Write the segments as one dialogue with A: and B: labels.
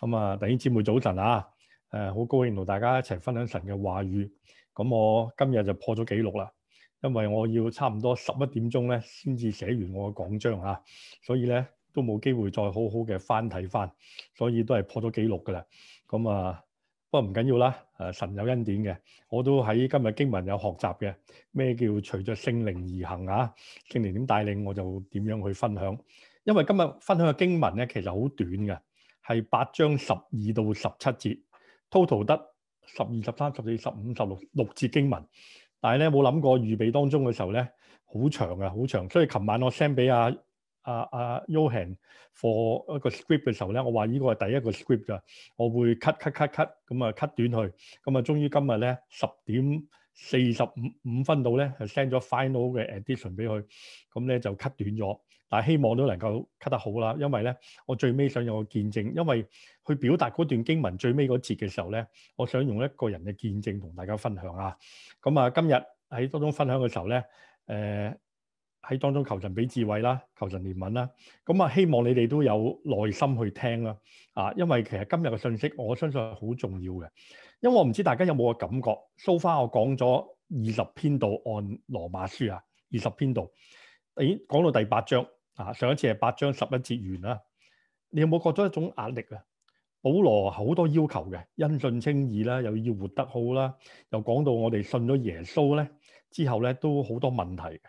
A: 咁啊，弟兄姊妹早晨啊！誒、啊，好高興同大家一齊分享神嘅話語。咁、嗯、我今日就破咗紀錄啦，因為我要差唔多十一點鐘咧，先至寫完我嘅講章啊，所以咧都冇機會再好好嘅翻睇，翻，所以都係破咗紀錄噶啦。咁、嗯、啊，不過唔緊要啦。誒、啊，神有恩典嘅，我都喺今日經文有學習嘅，咩叫隨着聖靈而行啊？聖靈點帶領我就點樣去分享？因為今日分享嘅經文咧，其實好短嘅。係八章十二到十七節，total 得十二、十三、十四、十五、十六六節經文。但係咧，冇諗過預備當中嘅時候咧，好長啊，好長。所以琴晚我 send 俾阿阿阿 Yohan 貨一個 script 嘅時候咧，我話呢個係第一個 script 㗎，我會 cut cut cut cut 咁啊 cut 短佢咁啊，終於今日咧十點四十五五分度咧，就 send 咗 final 嘅 edition 俾佢，咁咧就 cut 短咗。但希望都能夠 cut 得好啦，因為咧，我最尾想有個見證，因為去表達嗰段經文最尾嗰節嘅時候咧，我想用一個人嘅見證同大家分享啊。咁、嗯、啊，今日喺當中分享嘅時候咧，誒、呃、喺當中求神俾智慧啦，求神憐憫啦。咁、嗯、啊，希望你哋都有耐心去聽啦、啊。啊，因為其實今日嘅信息我相信係好重要嘅，因為我唔知大家有冇個感覺，So far、嗯、我講咗二十篇度按羅馬書啊，二十篇度，第、哎、講到第八章。啊！上一次係八章十一節完啦，你有冇覺得一種壓力啊？保羅好多要求嘅，因信稱義啦，又要活得好啦，又講到我哋信咗耶穌咧之後咧，都好多問題嘅。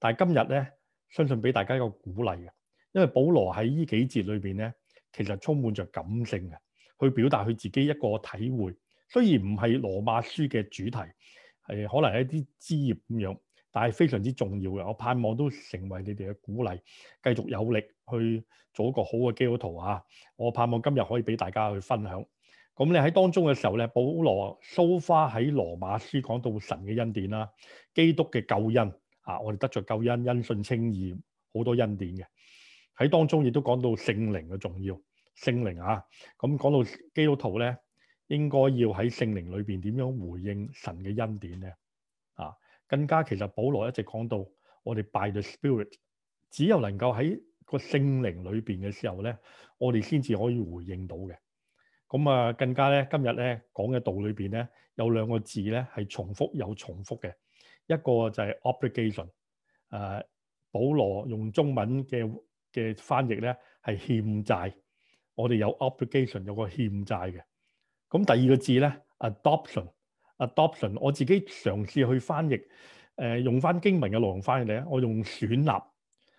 A: 但係今日咧，相信俾大家一個鼓勵嘅，因為保羅喺呢幾節裏邊咧，其實充滿着感性嘅，去表達佢自己一個體會。雖然唔係羅馬書嘅主題，係可能係一啲枝葉咁樣。但係非常之重要嘅，我盼望都成為你哋嘅鼓勵，繼續有力去做一個好嘅基督徒啊！我盼望今日可以俾大家去分享。咁你喺當中嘅時候咧，保羅蘇花喺羅馬書講到神嘅恩典啦，基督嘅救恩啊，我哋得着救恩，因信稱義，好多恩典嘅。喺當中亦都講到聖靈嘅重要，聖靈啊，咁講到基督徒咧，應該要喺聖靈裏邊點樣回應神嘅恩典咧？更加其實保羅一直講到，我哋 By the Spirit，只有能夠喺個聖靈裏邊嘅時候咧，我哋先至可以回應到嘅。咁啊，更加咧今日咧講嘅道裏邊咧有兩個字咧係重複又重複嘅，一個就係 obligation，誒、呃、保羅用中文嘅嘅翻譯咧係欠債，我哋有 obligation 有個欠債嘅。咁第二個字咧 adoption。Ad Adoption，我自己嘗試去翻譯，誒、呃、用翻經文嘅內容翻譯咧，我用選立，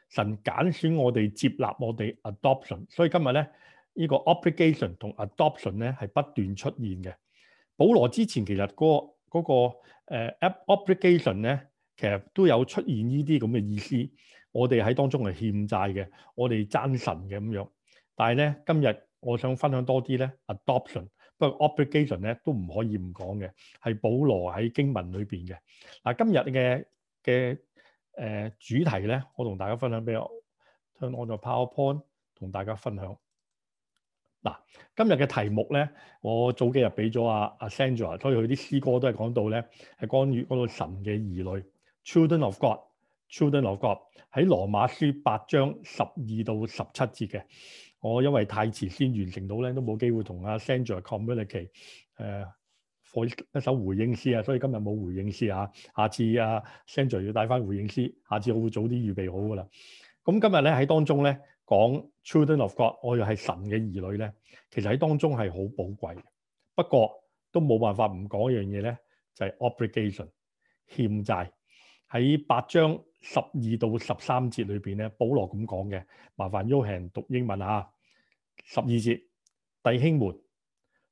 A: 神揀選，選我哋接納我哋 adoption。所以今日咧，這個、呢個 obligation 同 adoption 咧係不斷出現嘅。保羅之前其實嗰、那、嗰個誒 obligation、那個呃、咧，其實都有出現呢啲咁嘅意思。我哋喺當中係欠債嘅，我哋爭神嘅咁樣。但係咧，今日我想分享多啲咧 adoption。Ad 不過 obligation 咧都唔可以唔講嘅，係保羅喺經文裏邊嘅。嗱、啊，今日嘅嘅誒主題咧，我同大家分享俾我，我用 PowerPoint 同大家分享。嗱、啊，今日嘅題目咧，我早幾日俾咗阿阿 Sandra，所以佢啲詩歌都係講到咧，係關於嗰個神嘅兒女，Children of God，Children of God 喺羅馬書八章十二到十七節嘅。我因為太遲先完成到咧，都冇機會同阿 Sandra communicate 放一首回應詩啊，所以今日冇回應詩嚇、啊。下次阿 Sandra 要帶翻回，回應詩，下次我會早啲預備好噶啦。咁、嗯、今日咧喺當中咧講 Children of God，我又係神嘅兒女咧，其實喺當中係好寶貴。不過都冇辦法唔講一樣嘢咧，就係、是、obligation 欠債喺八章。十二到十三節裏邊咧，保羅咁講嘅，麻煩 Yohan 讀英文啊。十二節弟兄們，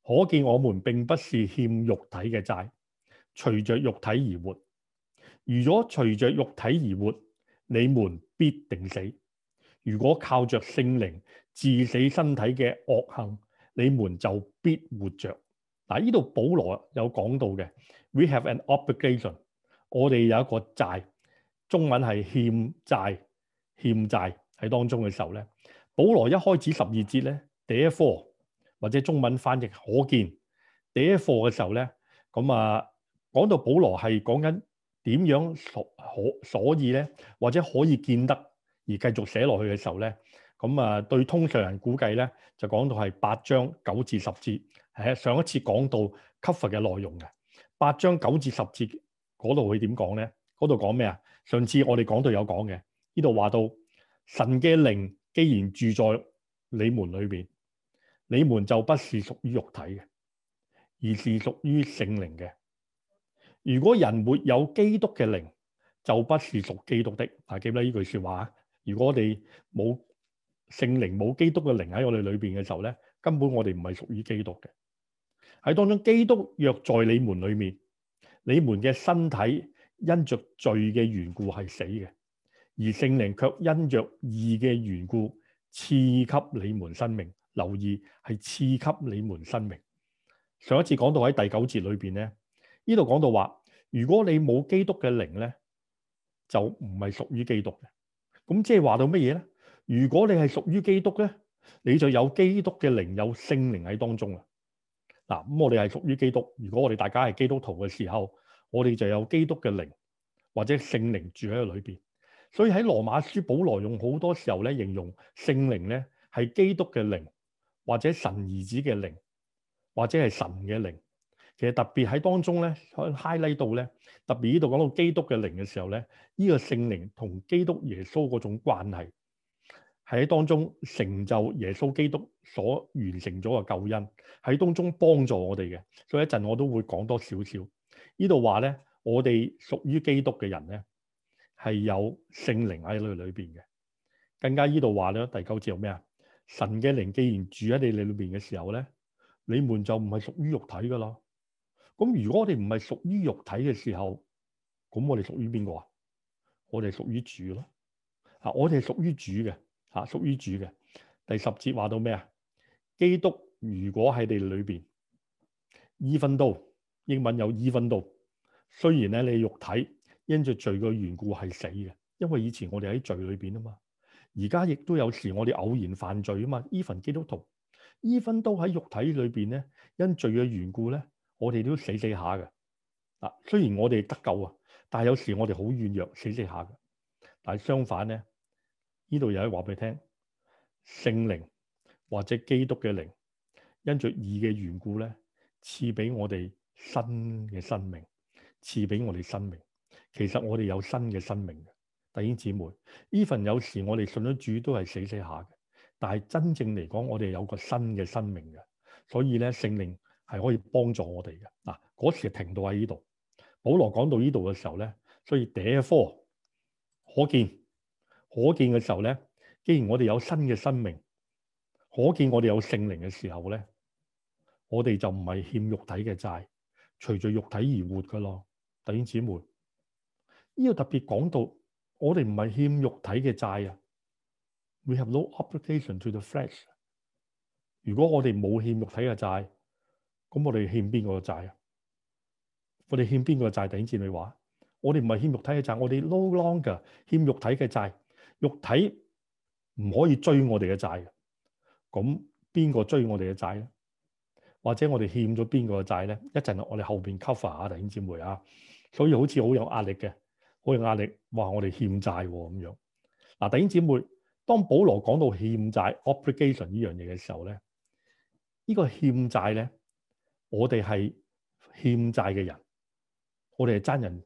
A: 可見我們並不是欠肉體嘅債，隨着肉體而活。如果隨着肉體而活，你們必定死；如果靠着聖靈治死身體嘅惡行，你們就必活着。嗱，呢度保羅有講到嘅，We have an obligation，我哋有一個債。中文係欠債，欠債喺當中嘅時候咧，保羅一開始十二節咧，第一課或者中文翻譯可見第一課嘅時候咧，咁啊講到保羅係講緊點樣所可所以咧或者可以見得而繼續寫落去嘅時候咧，咁啊對通常人估計咧就講到係八章九至十節係上一次講到 cover 嘅內容嘅八章九至十節嗰度會點講咧？嗰度講咩啊？上次我哋講到有講嘅，呢度話到神嘅靈既然住在你們裏邊，你們就不是屬於肉體嘅，而是屬於聖靈嘅。如果人沒有基督嘅靈，就不是屬基督的。啊，記唔記得呢句說話？如果我哋冇聖靈冇基督嘅靈喺我哋裏邊嘅時候咧，根本我哋唔係屬於基督嘅。喺當中，基督若在你們裏面，你們嘅身體。因着罪嘅緣故係死嘅，而聖靈卻因着義嘅緣故賜給你們生命。留意係賜給你們生命。上一次講到喺第九節裏邊咧，呢度講到話，如果你冇基督嘅靈咧，就唔係屬於基督嘅。咁即係話到乜嘢咧？如果你係屬於基督咧，你就有基督嘅靈，有聖靈喺當中啦。嗱，咁我哋係屬於基督。如果我哋大家係基督徒嘅時候。我哋就有基督嘅靈或者聖靈住喺個裏邊，所以喺羅馬書保羅用好多時候咧，形容聖靈咧係基督嘅靈，或者神兒子嘅靈，或者係神嘅靈。其實特別喺當中咧喺 highlight 到咧，特別呢度講到基督嘅靈嘅時候咧，呢個聖靈同基督耶穌嗰種關係，喺當中成就耶穌基督所完成咗嘅救恩，喺當中幫助我哋嘅。所以一陣我都會講多少少。呢度話咧，我哋屬於基督嘅人咧，係有聖靈喺佢裏邊嘅。更加呢度話咧，第九節有咩啊？神嘅靈既然住喺你哋裏邊嘅時候咧，你們就唔係屬於肉體噶啦。咁如果我哋唔係屬於肉體嘅時候，咁我哋屬於邊個啊？我哋屬於主咯。啊，我哋係屬於主嘅。吓、啊，屬於主嘅。第十節話到咩啊？基督如果喺你哋裏邊，以奮鬥。英文有伊分度，雖然咧你肉體因着罪嘅緣故係死嘅，因為以前我哋喺罪裏邊啊嘛，而家亦都有時我哋偶然犯罪啊嘛。伊份基督徒，伊分都喺肉體裏邊咧，因罪嘅緣故咧，我哋都死死下嘅嗱。雖然我哋得救啊，但係有時我哋好軟弱，死死下嘅。但係相反咧，呢度又可以話俾你聽，聖靈或者基督嘅靈，因着義嘅緣故咧，賜俾我哋。新嘅生命賜俾我哋，生命其實我哋有新嘅生命嘅。弟兄姊妹，呢份有時我哋信咗主都係死死下嘅，但係真正嚟講，我哋有個新嘅生命嘅，所以咧聖靈係可以幫助我哋嘅嗱。嗰、啊、時停到喺呢度，保羅講到呢度嘅時候咧，所以第一科可見可見嘅時候咧，既然我哋有新嘅生命，可見我哋有聖靈嘅時候咧，我哋就唔係欠肉體嘅債。隨著肉體而活噶咯，弟兄姊妹，呢個特別講到，我哋唔係欠肉體嘅債啊。We have no obligation to the flesh。如果我哋冇欠肉體嘅債，咁我哋欠邊個嘅債啊？我哋欠邊個嘅債？弟兄姊妹話，我哋唔係欠肉體嘅債，我哋 no longer 欠肉體嘅債。肉體唔可以追我哋嘅債，咁邊個追我哋嘅債咧？或者我哋欠咗邊個嘅債咧？一陣我哋後邊 cover 下弟兄姊妹啊，所以好似好有壓力嘅，好有壓力。哇！我哋欠債喎，啊、咁樣。嗱，弟兄姊妹，當保羅講到欠債 obligation 呢樣嘢嘅時候咧，呢，呢個欠債咧，我哋係欠債嘅人，我哋係爭人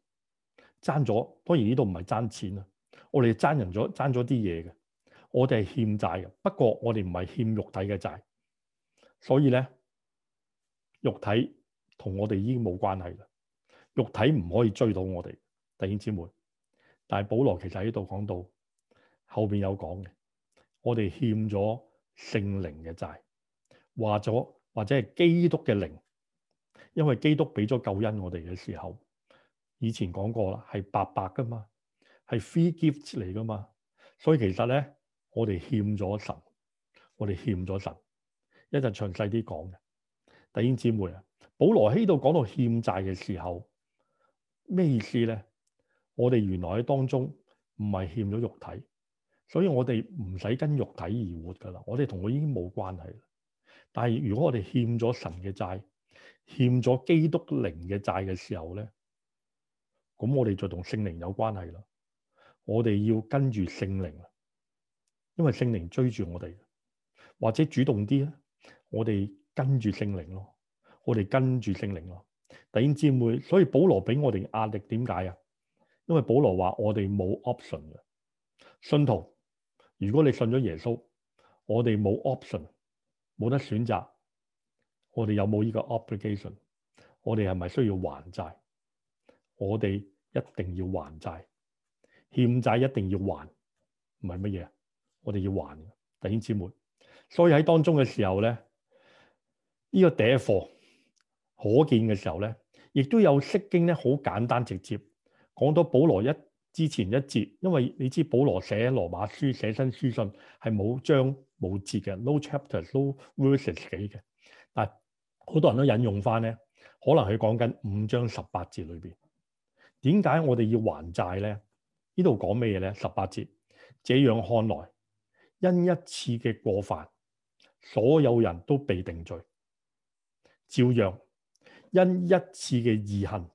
A: 爭咗，當然呢度唔係爭錢啊，我哋係爭人咗爭咗啲嘢嘅，我哋係欠債嘅，不過我哋唔係欠肉體嘅債，所以咧。肉體同我哋已經冇關係啦，肉體唔可以追到我哋，弟兄姊妹。但係保羅其實喺度講到後邊有講嘅，我哋欠咗聖靈嘅債，話咗或者係基督嘅靈，因為基督俾咗救恩我哋嘅時候，以前講過啦，係白白噶嘛，係 free gift 嚟噶嘛，所以其實咧我哋欠咗神，我哋欠咗神，一陣詳細啲講嘅。弟兄姊妹啊，保羅喺度講到欠債嘅時候，咩意思咧？我哋原來喺當中唔係欠咗肉體，所以我哋唔使跟肉體而活噶啦，我哋同佢已經冇關係啦。但係如果我哋欠咗神嘅債，欠咗基督靈嘅債嘅時候咧，咁我哋就同聖靈有關係啦。我哋要跟住聖靈啦，因為聖靈追住我哋，或者主動啲咧，我哋。跟住聖靈咯，我哋跟住聖靈咯。弟兄姊妹，所以保羅俾我哋壓力點解啊？因為保羅話我哋冇 option 嘅信徒，如果你信咗耶穌，我哋冇 option，冇得選擇。我哋有冇呢個 obligation？我哋係咪需要還債？我哋一定要還債，欠債一定要還，唔係乜嘢啊？我哋要還。弟兄姊妹，所以喺當中嘅時候咧。呢個第一課可見嘅時候咧，亦都有釋經咧，好簡單直接講到保羅一之前一節。因為你知保羅寫羅馬書寫新書信係冇章冇節嘅，no chapters no verses 幾嘅。但係好多人都引用翻咧，可能佢講緊五章十八節裏邊點解我哋要還債咧？講呢度講咩嘢咧？十八節這樣看來，因一次嘅過犯，所有人都被定罪。照樣，因一次嘅義行，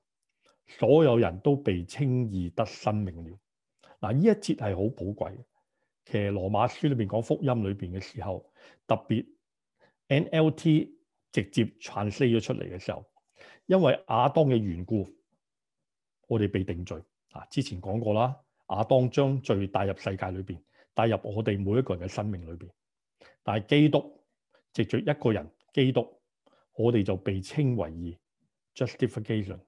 A: 所有人都被稱義得生命了。嗱，呢一節係好寶貴嘅。其實羅馬書裏邊講福音裏邊嘅時候，特別 NLT 直接 translate 咗出嚟嘅時候，因為亞當嘅緣故，我哋被定罪。啊，之前講過啦，亞當將罪帶入世界裏邊，帶入我哋每一個人嘅生命裏邊。但係基督藉著一個人，基督。我哋就被稱為義 justification，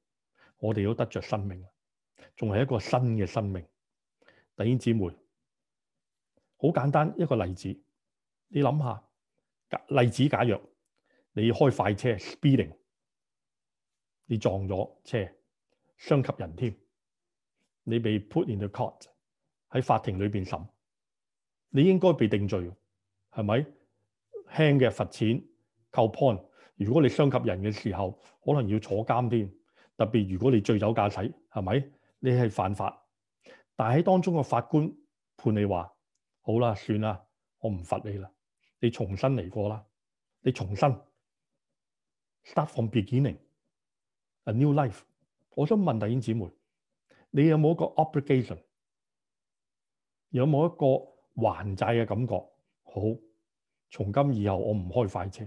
A: 我哋都得着生命仲係一個新嘅生命。弟兄姊妹，好簡單一個例子，你諗下，例子，假若你開快車 speeding，你撞咗車，傷及人添，你被 put in the court 喺法庭裏邊審，你應該被定罪，係咪？輕嘅罰錢扣 point？如果你傷及人嘅時候，可能要坐監添。特別如果你醉酒駕駛，係咪你係犯法？但喺當中嘅法官判你話：好啦，算啦，我唔罰你啦，你重新嚟過啦，你重新 start from beginning，a new life。我想問弟兄姊妹，你有冇一個 obligation？有冇一個還債嘅感覺？好，從今以後我唔開快車。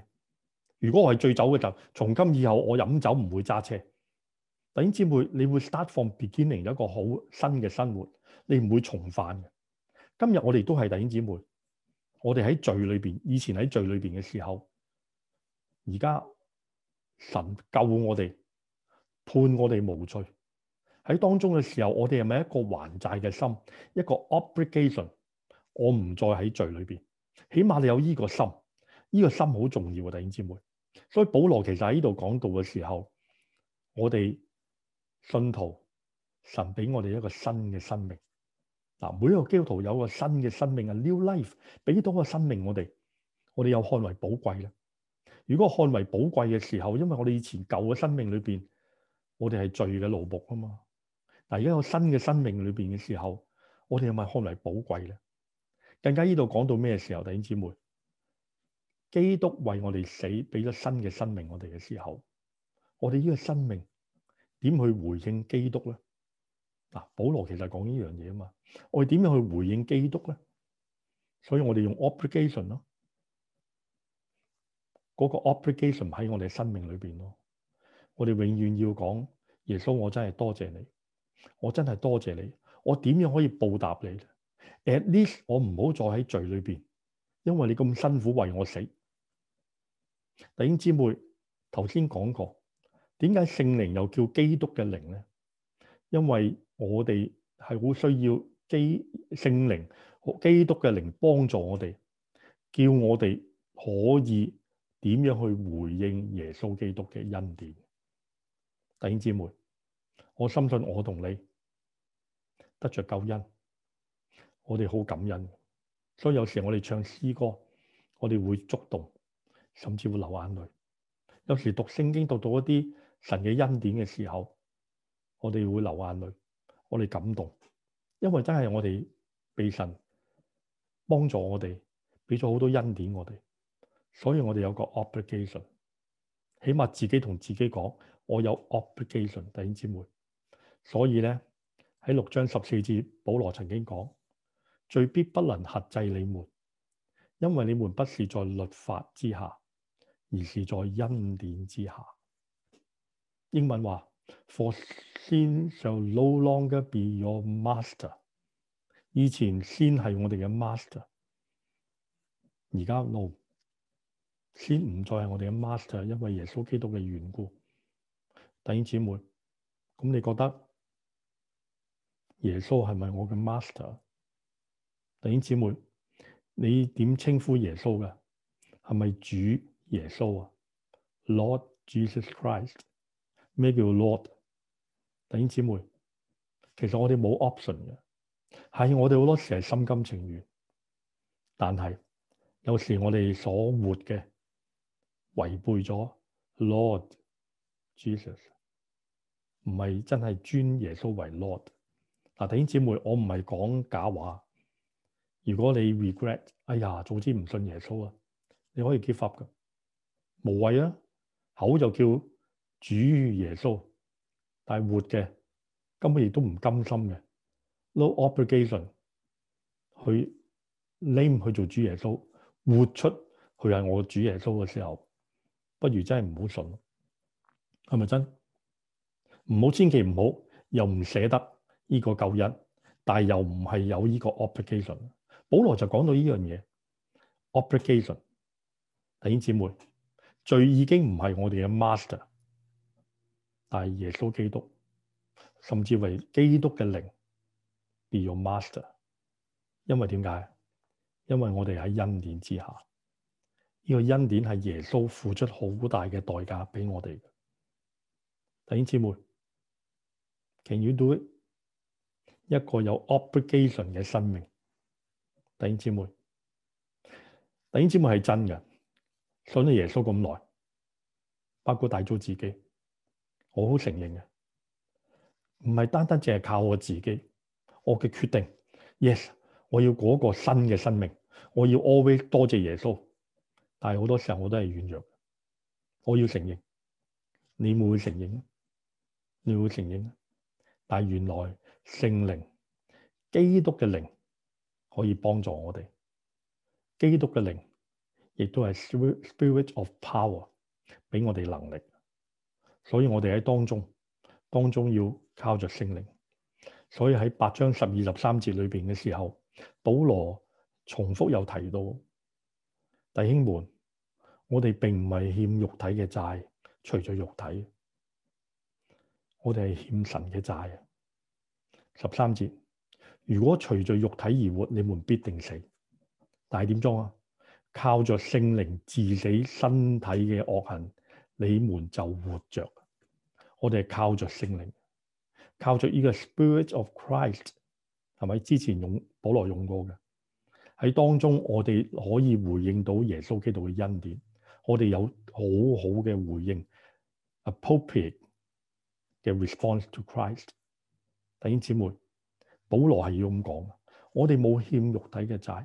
A: 如果我係醉酒嘅就，從今以後我飲酒唔會揸車。弟兄姊妹，你會 start from beginning 一個好新嘅生活，你唔會重犯嘅。今日我哋都係弟兄姊妹，我哋喺罪裏邊，以前喺罪裏邊嘅時候，而家神救我哋，判我哋無罪。喺當中嘅時候，我哋係咪一個還債嘅心，一個 obligation？我唔再喺罪裏邊，起碼你有依個心，呢個心好重要啊！弟兄姊妹。所以保羅其實喺呢度講到嘅時候，我哋信徒神俾我哋一個新嘅生命，嗱，每一個基督徒有個新嘅生命啊，New Life 俾到個生命我哋，我哋又看為寶貴咧。如果看為寶貴嘅時候，因為我哋以前舊嘅生命裏邊，我哋係罪嘅奴僕啊嘛。但係而家有新嘅生命裏邊嘅時候，我哋係咪看為寶貴咧？更加呢度講到咩時候，弟兄姊妹？基督為我哋死，俾咗新嘅生命，我哋嘅時候，我哋呢個生命點去回應基督咧？嗱、啊，保羅其實講呢樣嘢啊嘛，我哋點樣去回應基督咧？所以我哋用 obligation 咯，嗰、這個 obligation 喺我哋嘅生命裏邊咯，我哋永遠要講耶穌，我真係多謝你，我真係多謝你，我點樣可以報答你咧？At least 我唔好再喺罪裏邊，因為你咁辛苦為我死。弟兄姊妹，頭先講過，點解聖靈又叫基督嘅靈咧？因為我哋係好需要基聖靈、基督嘅靈幫助我哋，叫我哋可以點樣去回應耶穌基督嘅恩典。弟兄姊妹，我深信我同你得着救恩，我哋好感恩，所以有時我哋唱詩歌，我哋會觸動。甚至會流眼淚。有時讀聖經讀到一啲神嘅恩典嘅時候，我哋會流眼淚，我哋感動，因為真係我哋被神幫助我哋，我哋俾咗好多恩典我哋。所以我哋有個 obligation，起碼自己同自己講，我有 obligation。弟兄姊妹，所以咧喺六章十四節，保羅曾經講，罪必不能轄制你們，因為你們不是在律法之下。而是在恩典之下，英文話 For sin shall no longer be your master。以前 sin 係我哋嘅 master，而家 no，sin 唔再係我哋嘅 master，因為耶穌基督嘅緣故。弟兄姊妹，咁你覺得耶穌係咪我嘅 master？弟兄姊妹，你點稱呼耶穌㗎？係咪主？耶穌啊，Lord Jesus Christ，咩叫 Lord？弟兄姊妹，其實我哋冇 option 嘅。係我哋好多時係心甘情願，但係有時我哋所活嘅違背咗 Lord Jesus，唔係真係尊耶穌為 Lord。嗱，弟兄姊妹，我唔係講假話。如果你 regret，哎呀，早知唔信耶穌啊，你可以 give up 噶。無謂啊，口就叫主耶穌，但係活嘅根本亦都唔甘心嘅。No obligation，佢 name 去做主耶穌，活出佢係我主耶穌嘅時候，不如真係唔好信，係咪真？唔好千祈唔好，又唔捨得呢個救恩，但係又唔係有呢個 obligation。保羅就講到呢樣嘢，obligation，弟兄姊妹。罪已經唔係我哋嘅 master，但係耶穌基督甚至為基督嘅靈 be your master，因為點解？因為我哋喺恩典之下，呢、這個恩典係耶穌付出好大嘅代價俾我哋嘅。弟兄姐妹，請要做一個有 obligation 嘅生命。弟兄姐妹，弟兄姐妹係真嘅。想咗耶穌咁耐，包括大咗自己，我好承認嘅，唔係單單淨係靠我自己，我嘅決定，yes，我要嗰個新嘅生命，我要 always 多謝耶穌。但係好多時候我都係軟弱，我要承認，你會唔會承認咧？你會唔會承認咧？但係原來聖靈、基督嘅靈可以幫助我哋，基督嘅靈。亦都係 spirit of power 畀我哋能力，所以我哋喺當中當中要靠着聖靈。所以喺八章十二十三節裏邊嘅時候，保羅重複又提到弟兄們，我哋並唔係欠肉體嘅債，除咗肉體，我哋係欠神嘅債。十三節，如果隨住肉體而活，你們必定死。但係點裝啊？靠著聖靈治死身體嘅惡行，你們就活着。我哋係靠著聖靈，靠著呢個 Spirit of Christ，係咪？之前用保羅用過嘅喺當中，我哋可以回應到耶穌基督嘅恩典。我哋有好好嘅回應 appropriate 嘅 response to Christ。弟兄姊妹，保羅係要咁講，我哋冇欠肉體嘅債。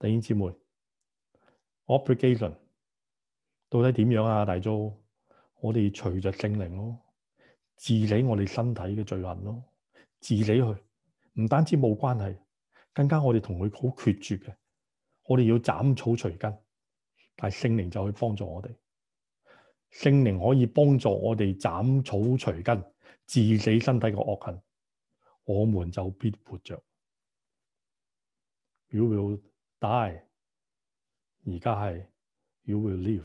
A: 弟兄姊妹，Obligation 到底點樣啊？大造，我哋隨着聖靈咯，治理我哋身體嘅罪行咯，治理佢，唔單止冇關係，更加我哋同佢好決絕嘅。我哋要斬草除根，但聖靈就可以幫助我哋，聖靈可以幫助我哋斬草除根，治理身體嘅惡行，我們就必活着。如果要。die 而家係 you will live，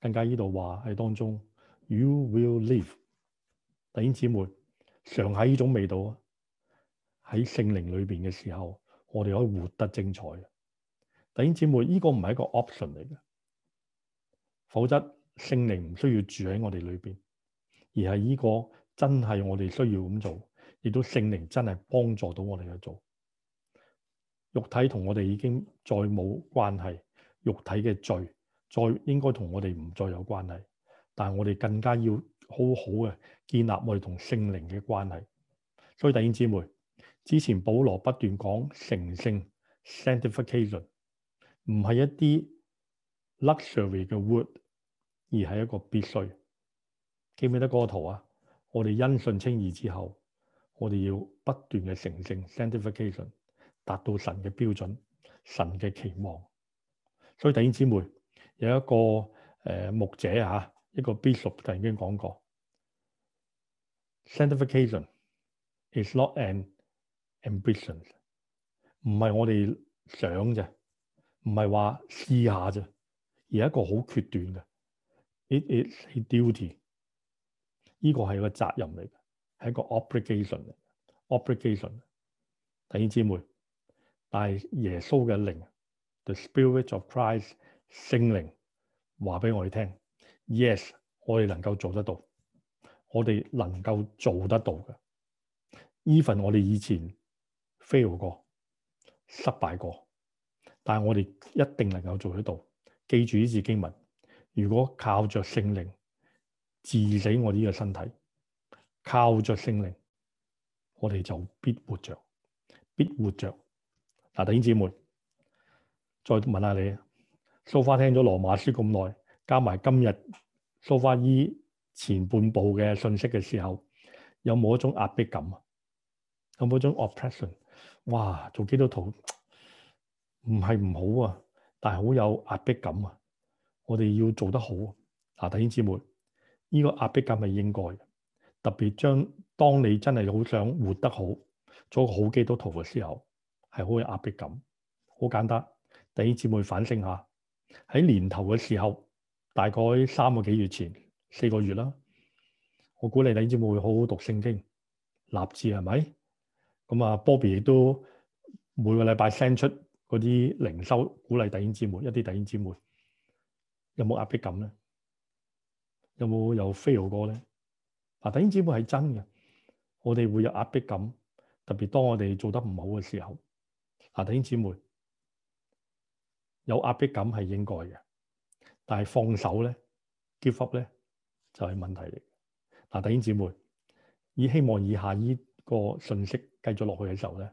A: 更加呢度話喺當中，you will live。弟兄姊妹嚐下呢種味道啊，喺聖靈裏邊嘅時候，我哋可以活得精彩。弟兄姊妹呢、這個唔係一個 option 嚟嘅，否則聖靈唔需要住喺我哋裏邊，而係呢、這個真係我哋需要咁做，亦都聖靈真係幫助到我哋去做。肉體同我哋已經再冇關係，肉體嘅罪再應該同我哋唔再有關係，但係我哋更加要好好嘅建立我哋同聖靈嘅關係。所以弟兄姊妹，之前保羅不斷講成聖 sanctification，唔係一啲 luxury 嘅 word，而係一個必須。記唔記得嗰個圖啊？我哋因信稱義之後，我哋要不斷嘅成聖 sanctification。Sanct 達到神嘅標準，神嘅期望。所以弟兄姊妹有一個誒牧者啊，一個 bishop 曾經講過，sanctification is not an ambition，唔係我哋想啫，唔係話試下啫，而係一個好決斷嘅。It is a duty，呢個係個責任嚟嘅，係一個 obligation，obligation。弟兄姊妹。但係耶穌嘅靈，The Spirit of Christ 聖靈話俾我哋聽：Yes，我哋能夠做得到，我哋能夠做得到嘅。even 我哋以前 fail 過、失敗過，但係我哋一定能夠做得到。記住呢字經文，如果靠着聖靈治死我呢個身體，靠着聖靈，我哋就必活着，必活着。嗱，弟兄姊妹，再問下你，蘇花聽咗羅馬書咁耐，加埋今日蘇花依前半部嘅信息嘅時候，有冇一種壓迫感啊？有冇一種 oppression？哇，做基督徒唔係唔好啊，但係好有壓迫感啊！我哋要做得好啊！弟兄姊妹，呢個壓迫感係應該，特別將當你真係好想活得好，做一個好基督徒嘅時候。係好有壓迫感，好簡單。弟兄姊妹反省下，喺年頭嘅時候，大概三個幾月前、四個月啦。我鼓勵弟兄姊妹好好讀聖經、立志，係咪？咁、嗯、啊，Bobby 亦都每個禮拜 send 出嗰啲靈修鼓勵弟兄姊妹，一啲弟兄姊妹有冇壓迫感咧？有冇有 fail 過咧？啊，弟兄姊妹係真嘅，我哋會有壓迫感，特別當我哋做得唔好嘅時候。弟兄姊妹有壓迫感係應該嘅，但係放手咧、give up 咧就係問題嚟。嗱，弟兄姊妹，以希望以下呢個信息繼續落去嘅時候咧，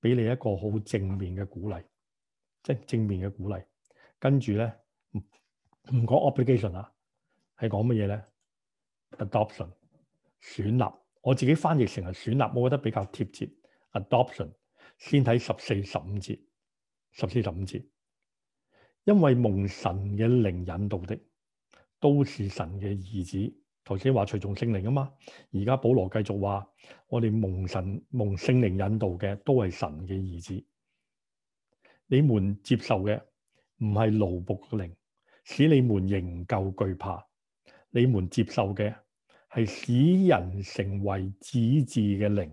A: 俾你一個好正面嘅鼓勵，即係正面嘅鼓勵。跟住咧唔講 obligation 啦，係講乜嘢咧？adoption 選立，我自己翻譯成係選立，我覺得比較貼切。adoption 先睇十四、十五節，十四、十五節，因為蒙神嘅靈引導的都是神嘅兒子。頭先話隨從聖靈啊嘛，而家保羅繼續話，我哋蒙神蒙聖靈引導嘅都係神嘅兒子。你們接受嘅唔係奴僕嘅靈，使你們仍舊懼怕。你們接受嘅係使人成為子嗣嘅靈。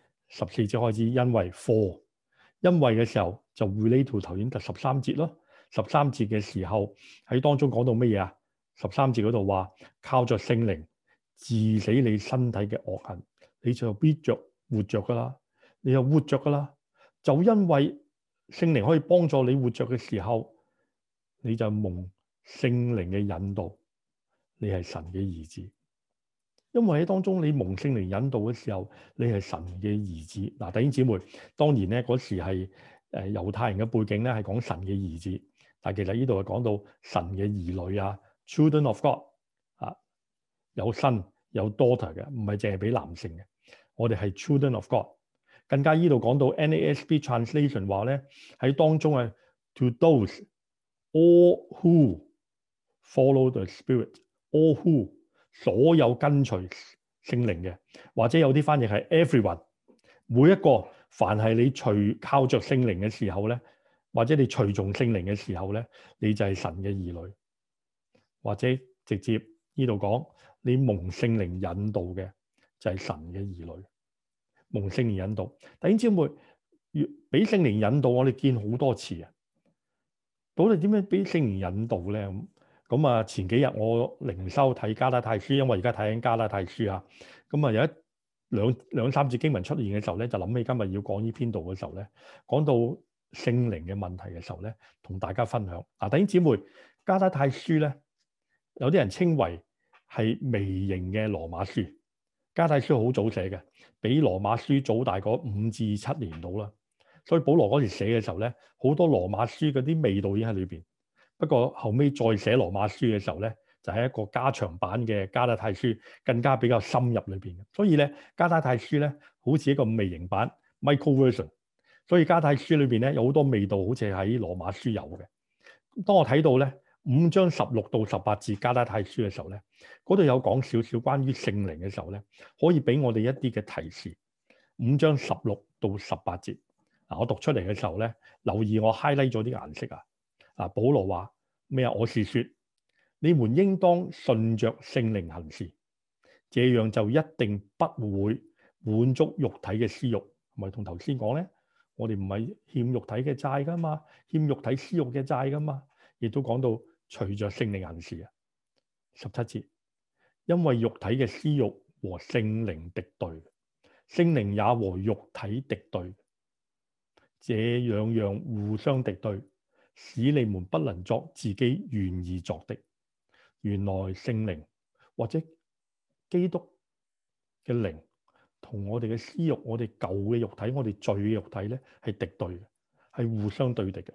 A: 十四節開始，因為課，for，因為嘅時候就會呢套頭先第十三節咯。十三節嘅時候喺當中講到乜嘢啊？十三節嗰度話靠著聖靈治死你身體嘅惡行，你就必着活着噶啦，你就活着噶啦。就因為聖靈可以幫助你活着嘅時候，你就蒙聖靈嘅引導，你係神嘅兒子。因為喺當中你蒙聖靈引導嘅時候，你係神嘅兒子。嗱、啊，弟兄姊妹，當然咧嗰時係誒猶太人嘅背景咧，係講神嘅兒子。但係其實呢度係講到神嘅兒女啊，children of God 啊，有 son、有 daughter 嘅，唔係淨係俾男性嘅。我哋係 children of God。更加依度講到 NASB translation 話咧，喺當中係 to those all who follow the spirit, all who。所有跟隨聖靈嘅，或者有啲翻譯係 everyone，每一個凡係你隨靠着聖靈嘅時候咧，或者你隨從聖靈嘅時候咧，你就係神嘅兒女。或者直接呢度講，你蒙聖靈引導嘅就係神嘅兒女。蒙聖靈引導，弟兄姊妹，俾聖靈引導我哋見好多次啊！到底點樣俾聖靈引導咧？咁啊，前幾日我靈修睇加拉太書，因為而家睇緊加拉太書啊。咁、嗯、啊，有一兩兩三節經文出現嘅時候咧，就諗起今日要講呢篇道嘅時候咧，講到聖靈嘅問題嘅時候咧，同大家分享嗱、啊，弟兄姊妹，加拉太書咧有啲人稱為係微型嘅羅馬書。加拉太書好早寫嘅，比羅馬書早大概五至七年到啦。所以保羅嗰時寫嘅時候咧，好多羅馬書嗰啲味道已經喺裏邊。不過後尾再寫羅馬書嘅時候咧，就係、是、一個加長版嘅加拉太書，更加比較深入裏邊。所以咧，加拉太書咧好似一個微型版 Micro Version。所以加拉太書裏邊咧有好多味道，好似喺羅馬書有嘅。當我睇到咧五章十六到十八節加拉太書嘅時候咧，嗰度有講少少關於聖靈嘅時候咧，可以俾我哋一啲嘅提示。五章十六到十八節嗱，我讀出嚟嘅時候咧，留意我 highlight 咗啲顏色啊。嗱，保羅話咩啊？我是說，你們應當順着聖靈行事，這樣就一定不會滿足肉體嘅私欲。咪同頭先講咧，我哋唔係欠肉體嘅債噶嘛，欠肉體私欲嘅債噶嘛，亦都講到隨着聖靈行事啊。十七節，因為肉體嘅私欲和聖靈敵對，聖靈也和肉體敵對，這兩樣，樣互相敵對。使你們不能作自己願意作的。原來聖靈或者基督嘅靈同我哋嘅私欲，我哋舊嘅肉體、我哋罪嘅肉體咧係敵對嘅，係互相對敵嘅。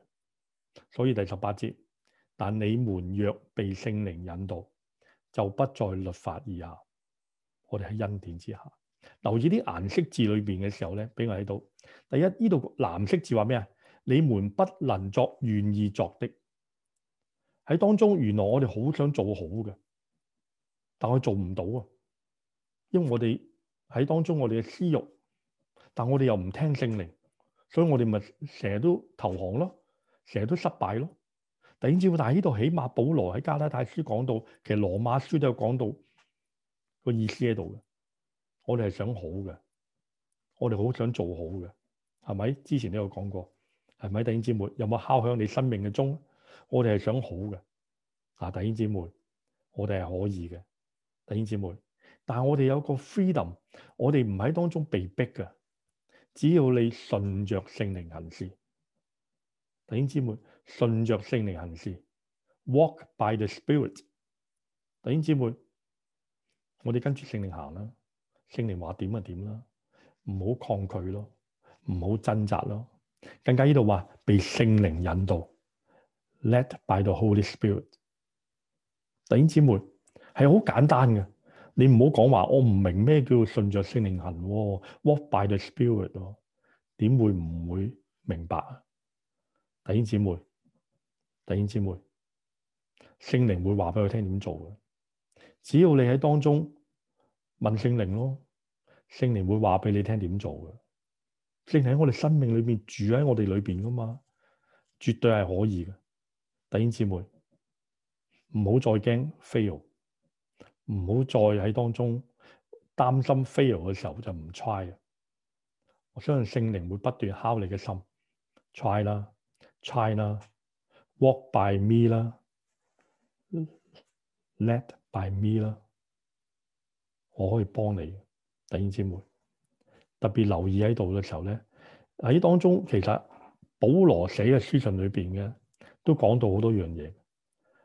A: 所以第十八節，但你們若被聖靈引導，就不在律法以下。我哋喺恩典之下，留意啲顏色字裏邊嘅時候咧，俾我睇到。第一，呢度藍色字話咩啊？你們不能作願意作的。喺當中，原來我哋好想做好嘅，但係做唔到啊！因為我哋喺當中，我哋嘅私欲，但我哋又唔聽聖靈，所以我哋咪成日都投降咯，成日都失敗咯。但係呢度起碼保羅喺加拉太書講到，其實羅馬書都有講到個意思喺度嘅。我哋係想好嘅，我哋好想做好嘅，係咪？之前都有講過。係咪？弟兄姊妹有冇敲響你生命嘅鐘？我哋係想好嘅，嗱、啊，弟兄姊妹，我哋係可以嘅，弟兄姊妹。但係我哋有個 freedom，我哋唔喺當中被逼嘅。只要你順着聖靈行事，弟兄姊妹，順着聖靈行事，Walk by the Spirit。弟兄姊妹，我哋跟住聖靈行啦，聖靈話點就點啦，唔好抗拒咯，唔好掙扎咯。更加呢度話被聖靈引導 led by the Holy Spirit。弟兄姊妹係好簡單嘅，你唔好講話我唔明咩叫順著聖靈行，walk by the Spirit 咯，點會唔會明白？弟兄姊妹，弟兄姊妹，聖靈會話俾佢聽點做嘅，只要你喺當中問聖靈咯，聖靈會話俾你聽點做嘅。聖靈喺我哋生命裏面，住喺我哋裏邊噶嘛，絕對係可以嘅。弟兄姐妹，唔好再驚 fail，唔好再喺當中擔心 fail 嘅時候就唔 try。我相信聖靈會不斷敲你嘅心，try 啦，try 啦，walk by me 啦，led by me 啦，我可以幫你，弟兄姐妹。特別留意喺度嘅時候咧，喺當中其實保羅寫嘅書信裏邊嘅都講到好多樣嘢。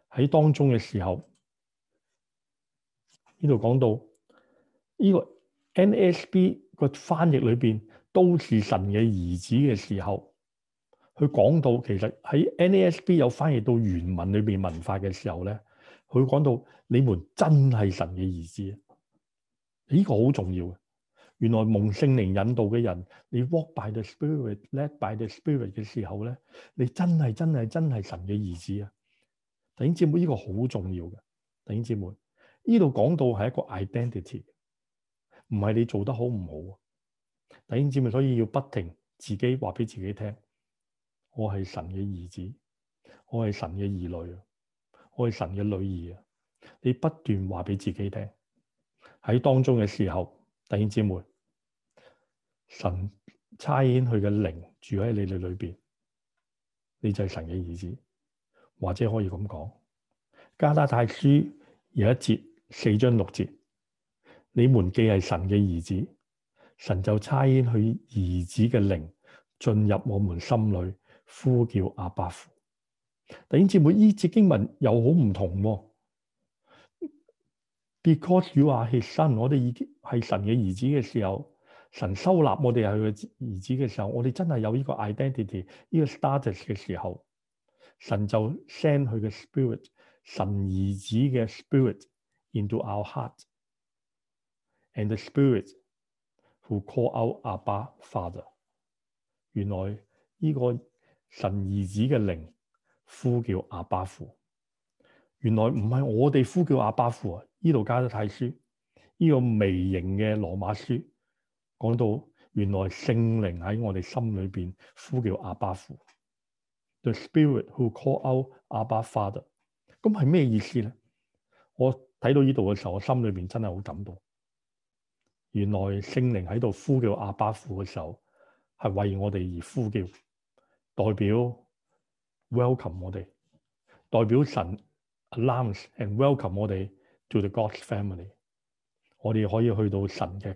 A: 喺當中嘅時候，呢度講到呢個 NASB 個翻譯裏邊，都是神嘅兒子嘅時候，佢講到其實喺 NASB 有翻譯到原文裏邊文化嘅時候咧，佢講到你們真係神嘅兒子，呢個好重要嘅。原來蒙聖靈引導嘅人，你 walk by the spirit，led by the spirit 嘅時候咧，你真係真係真係神嘅兒子啊！弟兄姊妹，呢、這個好重要嘅。弟兄姊妹，呢度講到係一個 identity，唔係你做得好唔好啊！弟兄姊妹，所以要不停自己話俾自己聽，我係神嘅兒子，我係神嘅兒女，我係神嘅女兒。你不斷話俾自己聽，喺當中嘅時候，弟兄姊妹。神差遣佢嘅靈住喺你哋裏邊，你就係神嘅兒子，或者可以咁講。加拉太書有一節四章六節，你們既係神嘅兒子，神就差遣佢兒子嘅靈進入我們心裏，呼叫阿爸父。弟兄姊妹，呢節經文又好唔同啊，because you are His son，我哋已經係神嘅兒子嘅時候。神收納我哋係佢兒子嘅時候，我哋真係有呢個 identity，呢個 status 嘅時候，神就 send 佢嘅 spirit，神兒子嘅 spirit into our heart，and the spirit who call out 阿爸 father，原來呢、這個神兒子嘅靈呼叫阿爸父，原來唔係我哋呼叫阿爸父啊，呢度加拉太書，呢、這個微型嘅羅馬書。講到原來聖靈喺我哋心裏邊呼叫阿爸父，The Spirit who call out 阿爸 Father，咁係咩意思咧？我睇到呢度嘅時候，我心裏邊真係好感動。原來聖靈喺度呼叫阿爸父嘅時候，係為我哋而呼叫，代表 welcome 我哋，代表神 arms and welcome 我哋 to the God's family。我哋可以去到神嘅。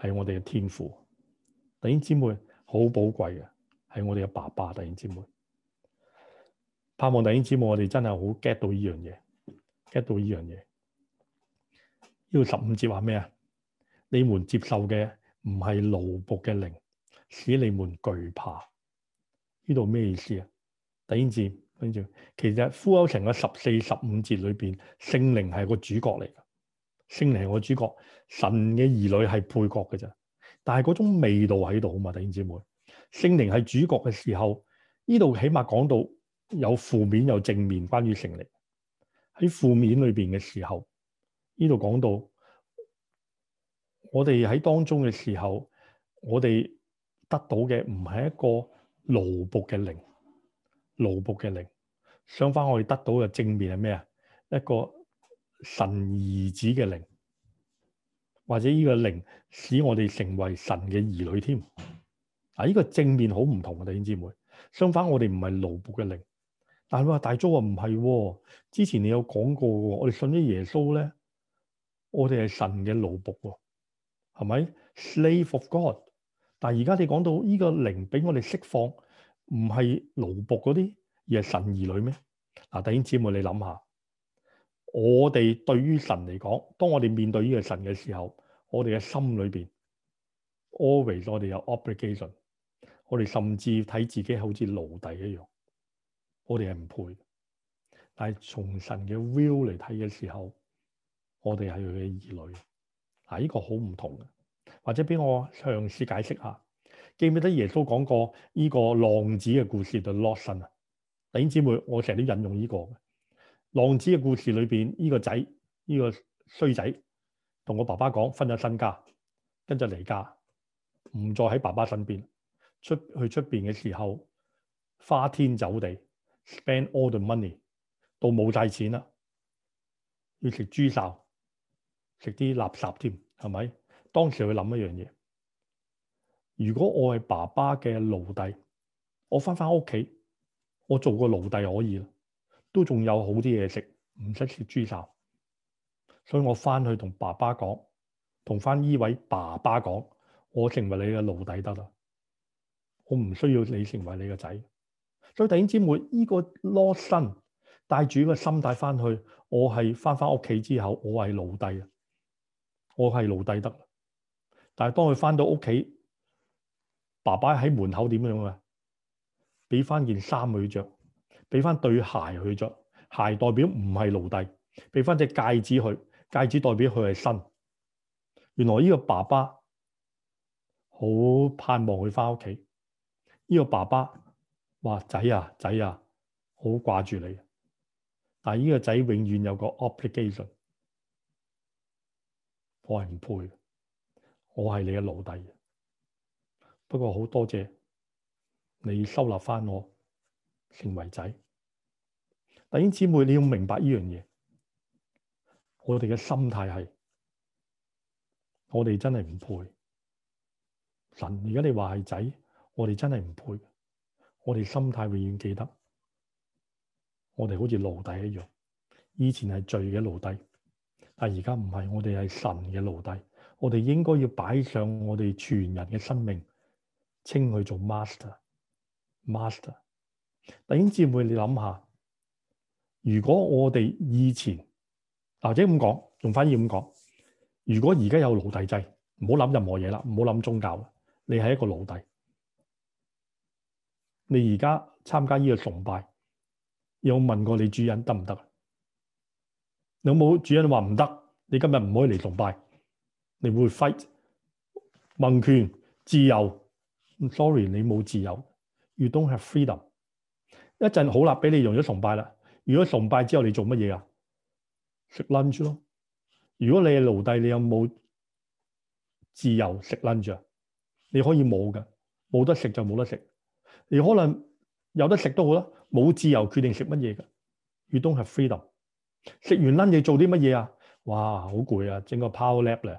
A: 係我哋嘅天父，弟兄姊妹好寶貴嘅，係我哋嘅爸爸，弟兄姊妹。盼望弟兄姊妹我哋真係好 get 到呢樣嘢，get 到呢樣嘢。呢度十五節話咩啊？你們接受嘅唔係奴僕嘅靈，使你們懼怕。呢度咩意思啊？弟兄姊妹跟住，其實呼求成嘅十四、十五節裏邊，聖靈係個主角嚟。聖靈係我主角，神嘅兒女係配角嘅咋。但係嗰種味道喺度啊嘛，弟兄姊妹。聖靈係主角嘅時候，呢度起碼講到有負面又正面關於聖靈。喺負面裏邊嘅時候，呢度講到我哋喺當中嘅時候，我哋得到嘅唔係一個勞僕嘅靈，勞僕嘅靈。想翻我哋得到嘅正面係咩啊？一個。神兒子嘅靈，或者呢個靈使我哋成為神嘅兒女添。啊，呢個正面好唔同啊！弟兄姐妹，相反我哋唔係奴僕嘅靈。但係佢話大佐話唔係，之前你有講過，我哋信咗耶穌咧，我哋係神嘅奴僕，係咪？Slave of God。但係而家你講到呢個靈俾我哋釋放，唔係奴僕嗰啲，而係神兒女咩？嗱，弟兄姐妹，你諗下。我哋對於神嚟講，當我哋面對呢個神嘅時候，我哋嘅心裏邊 always 我哋有 obligation，我哋甚至睇自己好似奴隸一樣，我哋係唔配。但係從神嘅 will 嚟睇嘅時候，我哋係佢嘅兒女。嗱、啊，呢個好唔同嘅。或者俾我嘗試解釋下，記唔記得耶穌講過呢個浪子嘅故事就 lost son 啊？弟兄姊妹，我成日都引用呢個嘅。浪子嘅故事裏邊，呢、這個仔呢、這個衰仔同我爸爸講，分咗身家，跟住離家，唔再喺爸爸身邊。出去出邊嘅時候，花天酒地，spend all the money，到冇晒錢啦，要食豬潲，食啲垃圾添，係咪？當時佢諗一樣嘢，如果我係爸爸嘅奴隸，我翻翻屋企，我做個奴隸可以啦。都仲有好啲嘢食，唔使食豬雜，所以我翻去同爸爸講，同翻依位爸爸講，我成為你嘅奴隸，得啦，我唔需要你成為你嘅仔。所以弟兄姊妹，依、這個攞身帶住個心態翻去，我係翻翻屋企之後，我係奴隸啊，我係奴隸得啦。但係當佢翻到屋企，爸爸喺門口點樣啊？俾翻件衫佢着。俾翻對鞋佢着，鞋代表唔係奴隸。俾翻隻戒指佢，戒指代表佢係新。原來呢個爸爸好盼望佢翻屋企。呢個爸爸話：仔啊，仔啊，好掛住你。但係呢個仔永遠有個 obligation，我係唔配，我係你嘅奴隸。不過好多謝你收納翻我。成為仔，弟兄姊妹，你要明白呢樣嘢。我哋嘅心態係，我哋真係唔配神。而家你話係仔，我哋真係唔配。我哋心態永遠記得，我哋好似奴隸一樣。以前係罪嘅奴隸，但而家唔係。我哋係神嘅奴隸。我哋應該要擺上我哋全人嘅生命，稱佢做 master，master Master。弟兄姊妹，你諗下，如果我哋以前或者咁講，仲反而咁講，如果而家有奴隸制，唔好諗任何嘢啦，唔好諗宗教喇，你係一個奴隸。你而家參加呢個崇拜，有問過你主人得唔得啊？你有冇主人話唔得？你今日唔可以嚟崇拜，你會 fight 民權自由？Sorry，你冇自由，You don't have freedom。一陣，好啦，俾你用咗崇拜啦！如果崇拜之後你做乜嘢啊？食 lunch 咯。如果你係奴隸，你有冇自由食 lunch 啊？你可以冇噶，冇得食就冇得食。你可能有得食都好啦，冇自由決定食乜嘢噶。You don't have freedom。食完 lunch 你做啲乜嘢啊？哇，好攰啊，整個 power nap 咧，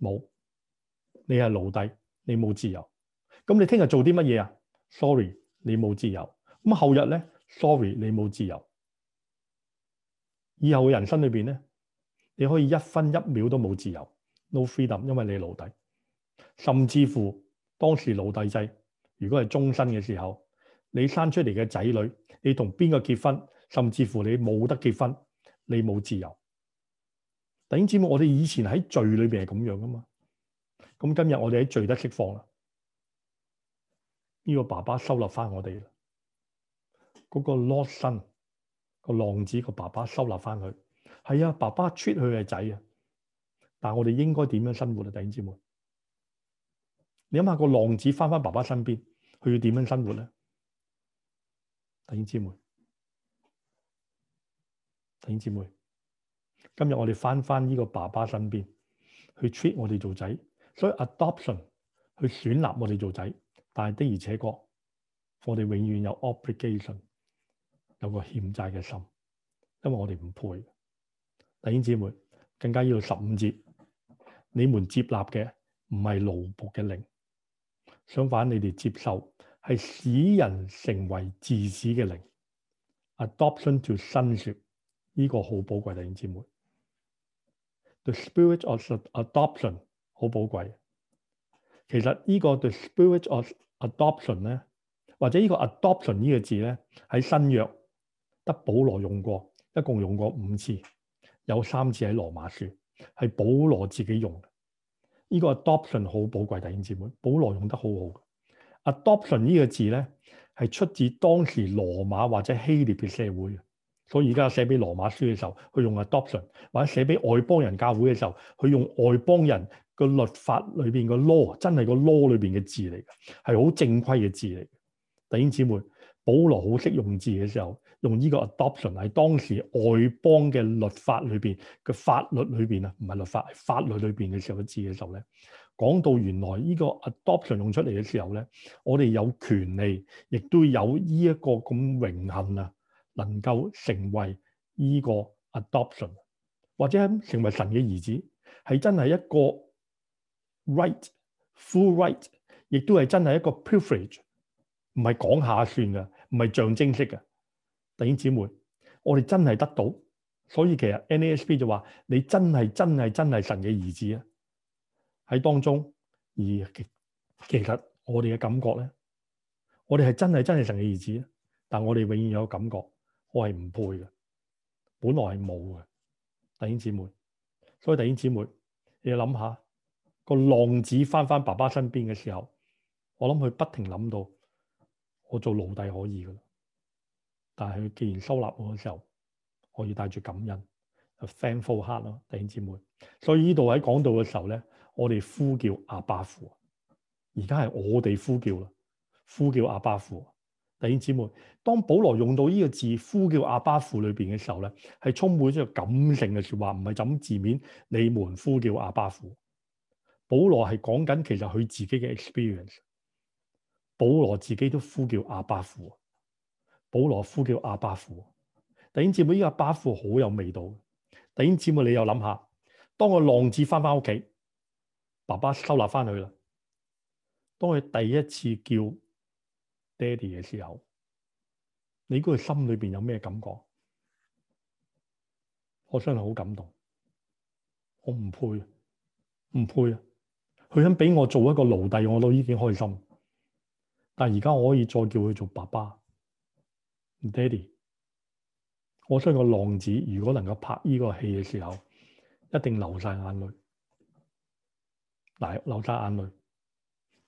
A: 冇。你係奴隸，你冇自由。咁你聽日做啲乜嘢啊？Sorry，你冇自由。咁後日咧，sorry，你冇自由。以後嘅人生裏邊咧，你可以一分一秒都冇自由，no freedom，因為你奴隸。甚至乎當時奴隸制，如果係終身嘅時候，你生出嚟嘅仔女，你同邊個結婚，甚至乎你冇得結婚，你冇自由。頂知我哋以前喺罪裏邊係咁樣噶嘛。咁今日我哋喺罪得釋放啦，呢個爸爸收納返我哋啦。嗰個洛森個浪子個爸爸收納翻佢，係啊，爸爸 treat 佢係仔啊。但係我哋應該點樣生活啊？弟兄姊妹，你諗下個浪子翻翻爸爸身邊，佢要點樣生活咧？弟兄姊妹，弟兄姊妹，今日我哋翻翻呢個爸爸身邊去 treat 我哋做仔，所以 adoption 去選立我哋做仔，但係的而且確，我哋永遠有 obligation。有個欠債嘅心，因為我哋唔配弟兄姐妹，更加要十五節，你們接納嘅唔係奴僕嘅靈，相反你哋接受係使人成為子嗣嘅靈，adoption to sonship 呢個好寶貴，弟兄姐妹、這個、兄姐妹，the spirit of adoption 好寶貴。其實呢個 the spirit of adoption 咧，或者呢個 adoption 呢個字咧喺新約。得保羅用過，一共用過五次，有三次喺羅馬書係保羅自己用嘅。呢個 adoption 好寶貴，弟兄姊妹，保羅用得好好。adoption 呢個字咧係出自當時羅馬或者希臘嘅社會嘅，所以而家寫俾羅馬書嘅時候，佢用 adoption；或者寫俾外邦人教會嘅時候，佢用外邦人個律法裏邊個 law，真係個 law 裏邊嘅字嚟嘅，係好正規嘅字嚟嘅。弟兄姊妹，保羅好識用字嘅時候。用呢個 adoption 喺當時外邦嘅律法裏邊嘅法律裏邊啊，唔係律法，係法律裏邊嘅時候字嘅時候咧，講到原來呢個 adoption 用出嚟嘅時候咧，我哋有權利，亦都有呢一個咁榮幸啊，能夠成為呢個 adoption，或者係成為神嘅兒子，係真係一個 right，full right，亦都係真係一個 privilege，唔係講下算噶，唔係象徵式噶。弟兄姊妹，我哋真係得到，所以其實 NASB 就話，你真係真係真係神嘅兒子啊！喺當中而其實我哋嘅感覺咧，我哋係真係真係神嘅兒子，但我哋永遠有感覺我係唔配嘅，本來係冇嘅。弟兄姊妹，所以弟兄姊妹，你要諗下個浪子翻返爸爸身邊嘅時候，我諗佢不停諗到我做奴隸可以噶啦。但係佢既然收納我嘅時候，我要帶住感恩，a thankful heart 咯，弟兄姊妹。所以呢度喺講到嘅時候咧，我哋呼叫阿巴父。而家係我哋呼叫啦，呼叫阿巴父。弟兄姊妹，當保羅用到呢個字呼叫阿巴父裏邊嘅時候咧，係充滿咗個感性嘅說話，唔係就咁字面。你們呼叫阿巴父，保羅係講緊其實佢自己嘅 experience。保羅自己都呼叫阿巴父。保羅呼叫阿巴父，弟兄姊妹，呢個阿巴父好有味道。弟兄姊妹，你又諗下，當我浪子翻返屋企，爸爸收納翻佢啦。當佢第一次叫爹哋嘅時候，你估佢心裏邊有咩感覺？我真係好感動，我唔配，唔配啊！佢肯俾我做一個奴隸，我都已經開心。但而家我可以再叫佢做爸爸。Daddy，我相信浪子如果能夠拍呢個戲嘅時候，一定流晒眼淚，嗱，流晒眼淚，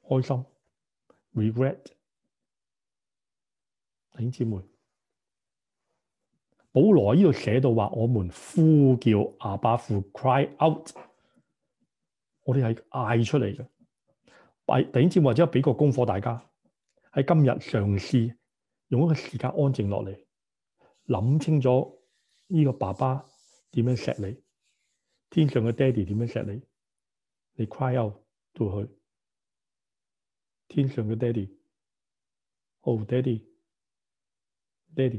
A: 開心，regret。弟兄姐妹，保羅呢度寫到話，我們呼叫阿爸父，cry out，我哋係嗌出嚟嘅。弟兄姊妹，或者俾個功課大家喺今日嘗試。用一個時間安靜落嚟，諗清楚呢個爸爸點樣錫你，天上嘅爹地點樣錫你，你 cry out to 佢，天上嘅爹地，哦爹地，爹地，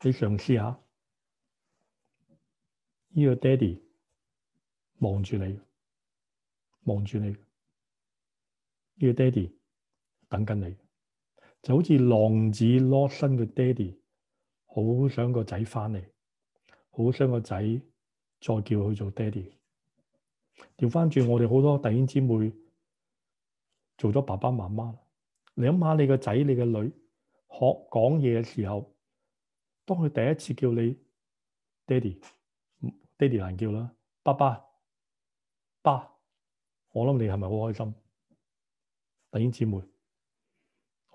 A: 你嘗試下呢個爹地，望住你，望住你，呢個爹地，等緊你。就好似浪子 lost 身嘅爹哋，好想個仔翻嚟，好想個仔再叫佢做爹哋。調翻轉，我哋好多弟兄姊妹做咗爸爸媽媽。你諗下，你個仔、你嘅女學講嘢嘅時候，當佢第一次叫你爹哋，爹哋難叫啦，爸爸，爸，我諗你係咪好開心？弟兄姊妹。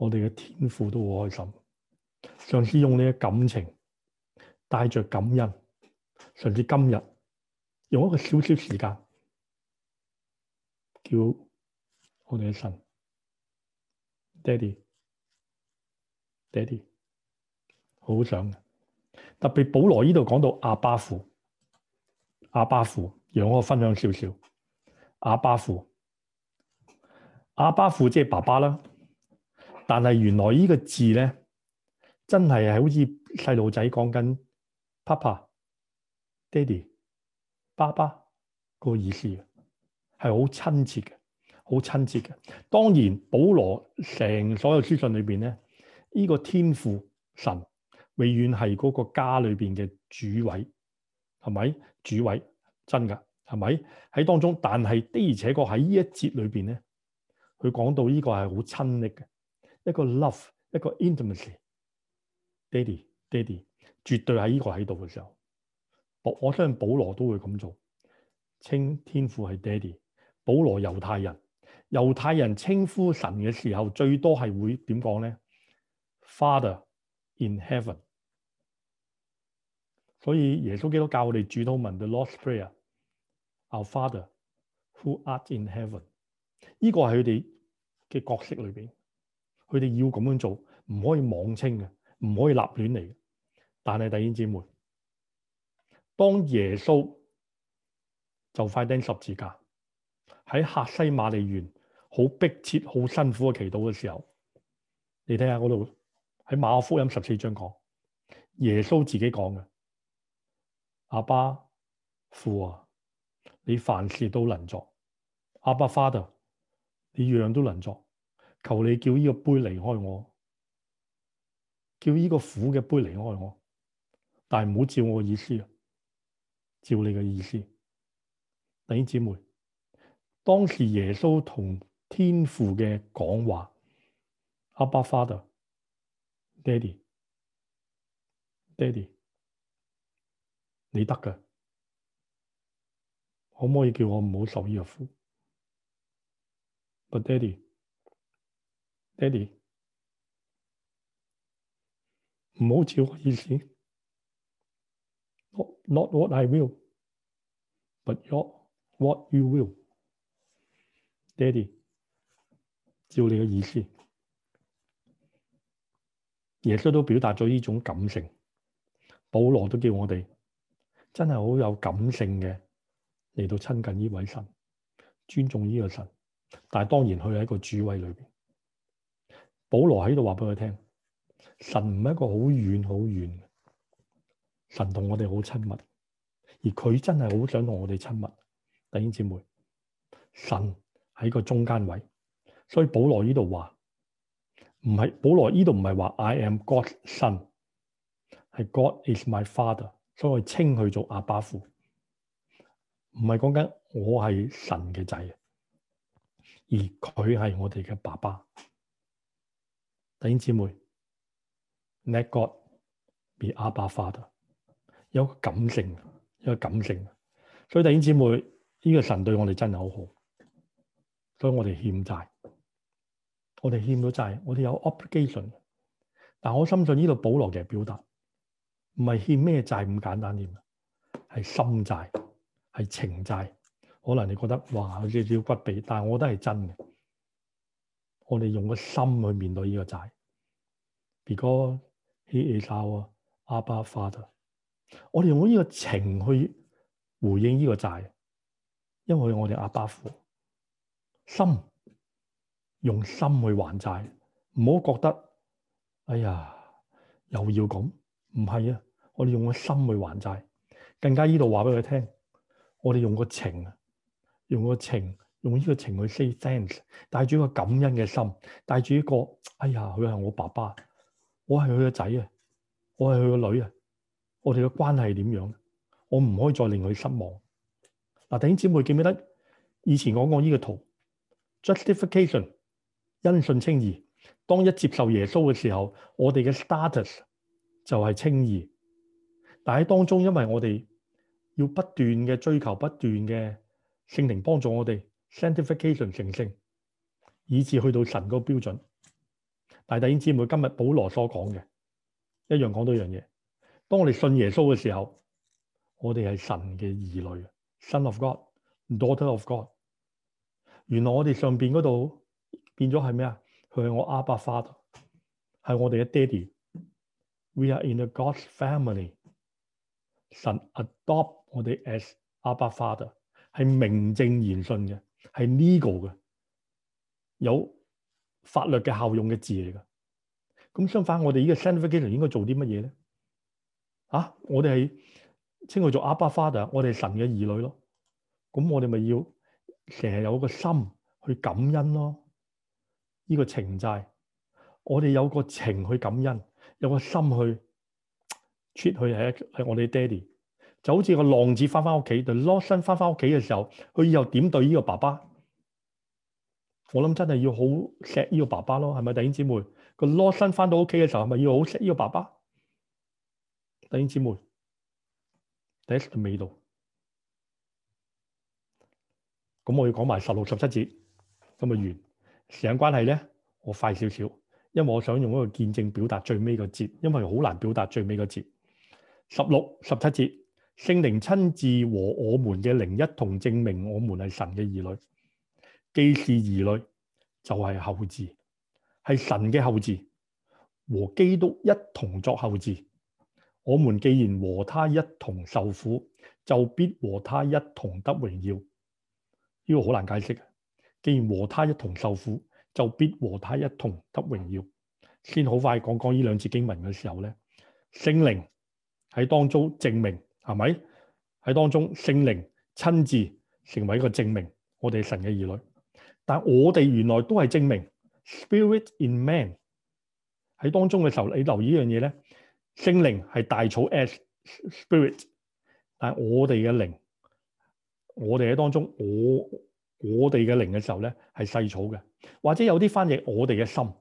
A: 我哋嘅天父都好開心，上次用呢啲感情，帶着感恩，甚至今日用一個少少時間，叫我哋嘅神，爹地，爹地好想。特別保羅呢度講到阿爸父，阿爸父，讓我分享少少，阿爸父，阿爸父即係爸爸啦。但係原來呢個字咧，真係係好似細路仔講緊 papa、daddy、爸爸嗰個意思嘅，係好親切嘅，好親切嘅。當然，保羅成所有書信裏邊咧，呢個天父神永遠係嗰個家裏邊嘅主位，係咪主位？真㗎，係咪喺當中？但係的而且確喺呢一節裏邊咧，佢講到呢個係好親昵嘅。一個 love，一個 intimacy，爹哋，爹哋，絕對喺呢個喺度嘅時候，我我相信保羅都會咁做，稱天父係爹哋。保羅猶太人，猶太人稱呼神嘅時候，最多係會點講咧？Father in heaven。所以耶穌基督教我哋主禱文嘅 Lord's Prayer，Our Father who art in heaven，呢個係佢哋嘅角色裏邊。佢哋要咁樣做，唔可以妄稱嘅，唔可以立亂嚟嘅。但係弟兄姊妹，當耶穌就快釘十字架，喺客西馬尼園好逼切、好辛苦嘅祈禱嘅時候，你睇下嗰度喺馬可福音十四章講，耶穌自己講嘅：阿爸父啊，你凡事都能做，阿爸 Father 啊，你樣都能做。求你叫依個杯離開我，叫依個苦嘅杯離開我，但係唔好照我的意思，照你嘅意思。弟兄姊妹，當時耶穌同天父嘅講話，阿爸 Father，d a d d 你得哥可唔可，可以叫我唔好受依個苦？But d a 爹地，唔好照我意思，Not what I will, but your what you will。爹地，照你嘅意思，耶穌都表達咗呢種感性，保羅都叫我哋真係好有感性嘅，嚟到親近呢位神，尊重呢個神，但係當然佢係一個主位裏邊。保羅喺度話畀佢聽，神唔係一個好遠好遠嘅，神同我哋好親密，而佢真係好想同我哋親密。弟兄姐妹，神喺個中間位，所以保羅呢度話唔係保羅呢度唔係話 I am God 神，係 God is my father，所以我稱佢做阿爸父，唔係講緊我係神嘅仔，而佢係我哋嘅爸爸。弟兄姐妹，let God be 阿爸 Father，有感性，有感性。所以弟兄姊妹，呢個神對我哋真係好好，所以我哋欠債，我哋欠咗債，我哋有 obligation。但我深信呢度保羅嘅表達，唔係欠咩債咁簡單添，係心債，係情債。可能你覺得哇，好似少骨痹，但係我覺得係真嘅。我哋用個心去面對呢個債，because he is our 阿爸 father。我哋用呢個情去回應呢個債，因為我哋阿爸父心，用心去還債，唔好覺得哎呀又要咁，唔係啊，我哋用個心去還債，更加呢度話俾佢聽，我哋用個情，用個情。用呢個情去 say thanks，帶住一個感恩嘅心，帶住一個哎呀，佢係我爸爸，我係佢嘅仔啊，我係佢嘅女啊，我哋嘅關係係點樣？我唔可以再令佢失望。嗱、啊，弟兄姊妹記唔記得以前我講呢個圖，Justification，因信稱義。當一接受耶穌嘅時候，我哋嘅 status 就係稱義。但喺當中，因為我哋要不斷嘅追求，不斷嘅聖靈幫助我哋。sanctification 成聖，以至去到神個標準。弟兄姊妹，今日保羅所講嘅一樣，講到一樣嘢。當我哋信耶穌嘅時候，我哋係神嘅兒女，son of God，daughter of God。原來我哋上邊嗰度變咗係咩啊？佢係我阿爸 father，係我哋嘅爹哋。We are in the God's family。神 adopt 我哋 as 阿爸 father，係名正言順嘅。係 legal 嘅，有法律嘅效用嘅字嚟㗎。咁相反，我哋呢個 sanctification 應該做啲乜嘢咧？啊，我哋係稱佢做 Abba Father，我哋神嘅兒女咯。咁我哋咪要成日有個心去感恩咯，呢、這個情債，我哋有個情去感恩，有個心去 treat 佢係係我哋爹哋。就好似個浪子翻翻屋企，就 l 對羅生翻翻屋企嘅時候，佢以後點對呢個爸爸？我諗真係要好錫呢個爸爸咯，係咪弟兄姊妹？個羅生翻到屋企嘅時候，係咪要好錫呢個爸爸？弟兄姊妹，第一嘅味道。咁我要講埋十六、十七節咁啊，完時間關係咧，我快少少，因為我想用一個見證表達最尾個節，因為好難表達最尾個節。十六、十七節。聖靈親自和我們嘅靈一同證明，我們係神嘅兒女。既是兒女，就係、是、後嗣；係神嘅後嗣，和基督一同作後嗣。我們既然和他一同受苦，就必和他一同得榮耀。呢，這個好難解釋。既然和他一同受苦，就必和他一同得榮耀。先好快講講呢兩節經文嘅時候呢，聖靈喺當中證明。係咪喺當中聖靈親自成為一個證明，我哋神嘅兒女？但我哋原來都係證明 Spirit in man 喺當中嘅時候，你留意呢樣嘢咧？聖靈係大草 as Spirit，但我哋嘅靈，我哋喺當中，我我哋嘅靈嘅時候咧係細草嘅，或者有啲翻譯我哋嘅心。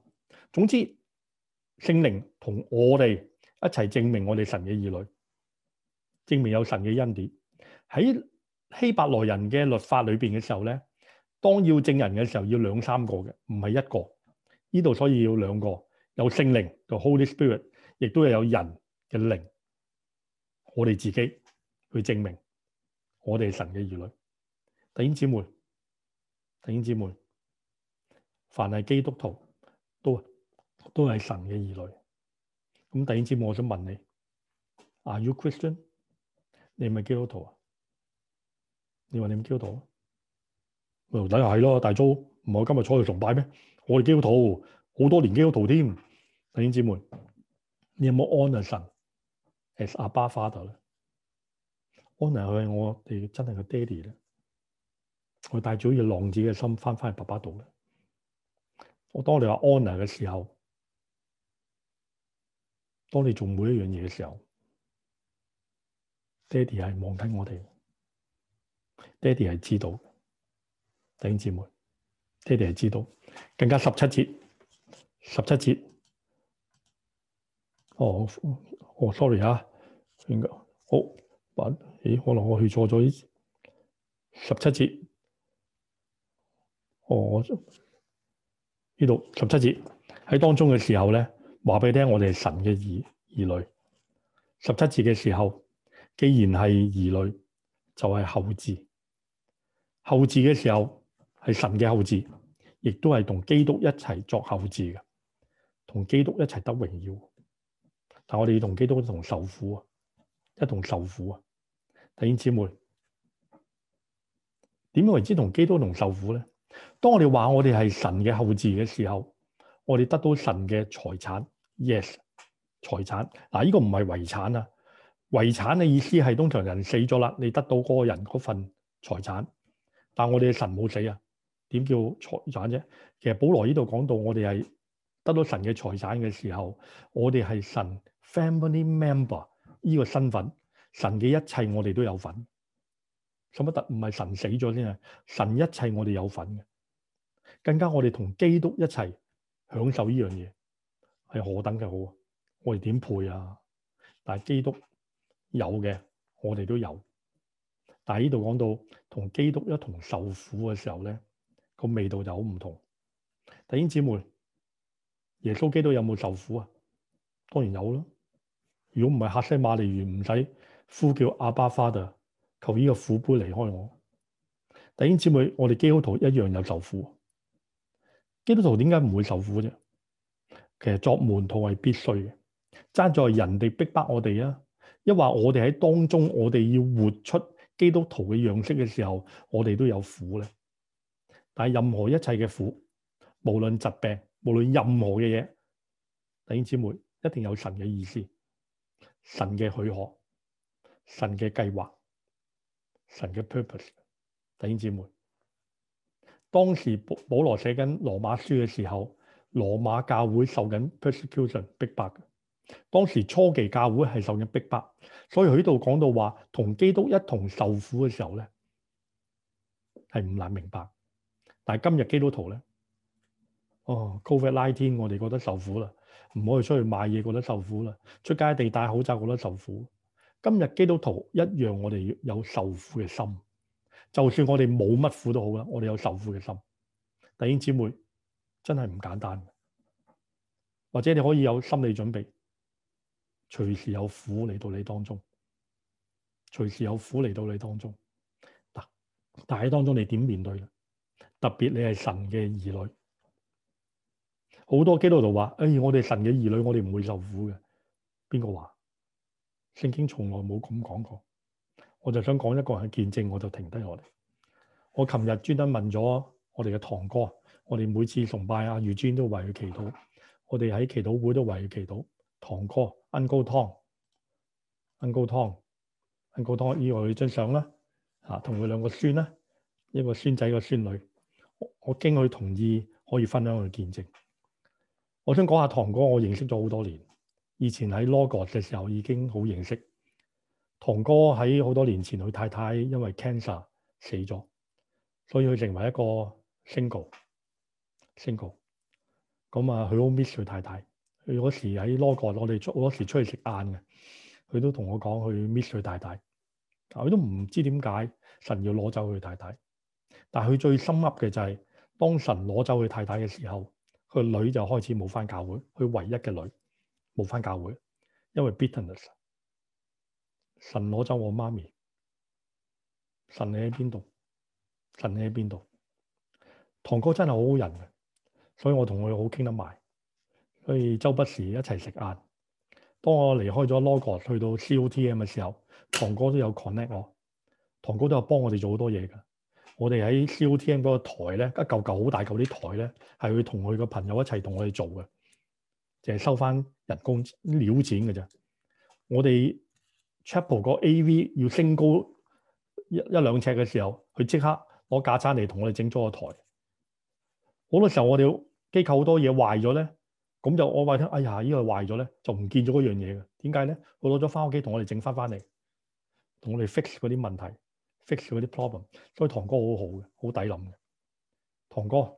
A: 總之，聖靈同我哋一齊證明我哋神嘅兒女。證明有神嘅恩典。喺希伯來人嘅律法裏面嘅時候呢，當要證人嘅時候要兩三個嘅，唔係一個。呢度所以要兩個，有聖靈就 Holy Spirit，亦都係有人嘅靈。我哋自己去證明，我哋係神嘅兒女。弟兄姊妹，弟兄姊妹，凡係基督徒都都係神嘅兒女。咁弟兄姊妹，我想問你，Are you Christian？你咪基督徒啊？你話你咪基督徒咯？徒弟又係咯，大主唔係我今日坐喺度崇拜咩？我哋基督徒好、哎、多年基督徒添，弟兄姊妹，你有冇安神？阿爸，爸、阿爸咧，安神係我哋真係個爹地，我我帶住浪子嘅心翻翻去爸爸度咧。我當你話安神嘅時候，當你做每一樣嘢嘅時候。爹地係望緊我哋，爹地係知道的弟兄姊妹，爹地係知道的。更加十七節，十七節。哦，我、哦哦、sorry 啊。應該好、哦哎。可能我去錯咗十七節。哦，呢度十七節喺當中嘅時候呢，話俾你聽，我哋係神嘅兒兒女。十七節嘅時候。既然係兒女，就係、是、後嗣。後嗣嘅時候係神嘅後嗣，亦都係同基督一齊作後嗣嘅，同基督一齊得榮耀。但我哋要同基督一同受苦啊，一同受苦啊。弟兄姊妹，點為之同基督同受苦呢？當我哋話我哋係神嘅後嗣嘅時候，我哋得到神嘅財產，yes，財產。嗱，呢、這個唔係遺產啊。遺產嘅意思係通常人死咗啦，你得到嗰個人嗰份財產。但係我哋嘅神冇死啊，點叫財產啫？其實保羅呢度講到，我哋係得到神嘅財產嘅時候，我哋係神 family member 呢個身份，神嘅一切我哋都有份。使乜特？唔係神死咗先啊，神一切我哋有份嘅，更加我哋同基督一齊享受呢樣嘢，係何等嘅好啊！我哋點配啊？但係基督。有嘅，我哋都有。但係呢度講到同基督一同受苦嘅時候咧，個味道就好唔同。弟兄姊妹，耶穌基督有冇受苦啊？當然有啦。如果唔係，客西馬尼園唔使呼叫阿爸 Father，求呢個苦杯離開我。弟兄姊妹，我哋基督徒一樣有受苦。基督徒點解唔會受苦啫？其實作門徒係必須嘅，爭在人哋逼迫，迫我哋啊！一話我哋喺當中，我哋要活出基督徒嘅樣式嘅時候，我哋都有苦咧。但係任何一切嘅苦，無論疾病，無論任何嘅嘢，弟兄姊妹一定有神嘅意思、神嘅許可、神嘅計劃、神嘅 purpose。弟兄姊妹，當時保羅寫緊羅馬書嘅時候，羅馬教會受緊 persecution 逼迫。當時初期教會係受人逼迫，所以佢度講到話同基督一同受苦嘅時候咧，係唔難明白。但係今日基督徒咧，哦，COVID-19 我哋覺得受苦啦，唔可以出去買嘢，覺得受苦啦，出街地戴口罩，覺得受苦。今日基督徒一樣，我哋有受苦嘅心，就算我哋冇乜苦都好啦，我哋有受苦嘅心。弟兄姊妹真係唔簡單，或者你可以有心理準備。隨時有苦嚟到你當中，隨時有苦嚟到你當中。但係當中你點面對咧？特別你係神嘅兒女，好多基督徒話：哎，我哋神嘅兒女，我哋唔會受苦嘅。邊個話？聖經從來冇咁講過。我就想講一個人嘅見證，我就停低我哋。我琴日專登問咗我哋嘅堂哥，我哋每次崇拜阿、啊、如尊都為佢祈禱，我哋喺祈禱會都為佢祈禱，堂哥。Uncle Tong，Uncle Tong，Uncle Tong。依個佢張相啦，嚇，同佢兩個孫啦，一個孫仔一個孫女。我我經佢同意可以分享佢見證。我想講下唐哥，我認識咗好多年，以前喺 Logor 嘅時候已經好認識。唐哥，喺好多年前佢太太因為 cancer 死咗，所以佢成為一個 single，single。咁啊，佢好 miss 佢太太。佢嗰時喺羅果，我哋出好多時出去食晏嘅，佢都同我講去 miss 佢太太，但佢都唔知點解神要攞走佢太太。但係佢最深刻嘅就係、是，當神攞走佢太太嘅時候，佢女就開始冇翻教會，佢唯一嘅女冇翻教會，因為 bitterness。神攞走我媽咪，神你喺邊度？神你喺邊度？堂哥真係好好人嘅，所以我同佢好傾得埋。所以周不時一齊食晏。當我離開咗 Logo 去到 COTM 嘅時候，堂哥都有 connect 我。堂哥都有幫我哋做好多嘢㗎。我哋喺 COTM 嗰個台咧，一嚿嚿好大嚿啲台咧，係會同佢個朋友一齊同我哋做嘅，淨係收翻人工料錢㗎啫。我哋 Chapel 個 AV 要升高一一兩尺嘅時候，佢即刻攞架撐嚟同我哋整咗個台。好多時候我哋機構好多嘢壞咗咧。咁就我話聽，哎呀，呢個壞咗咧，就唔見咗嗰樣嘢嘅。點解咧？佢攞咗翻屋企，同我哋整翻翻嚟，同我哋 fix 嗰啲問題，fix 嗰啲 problem。所以堂哥好好嘅，好抵諗嘅。堂哥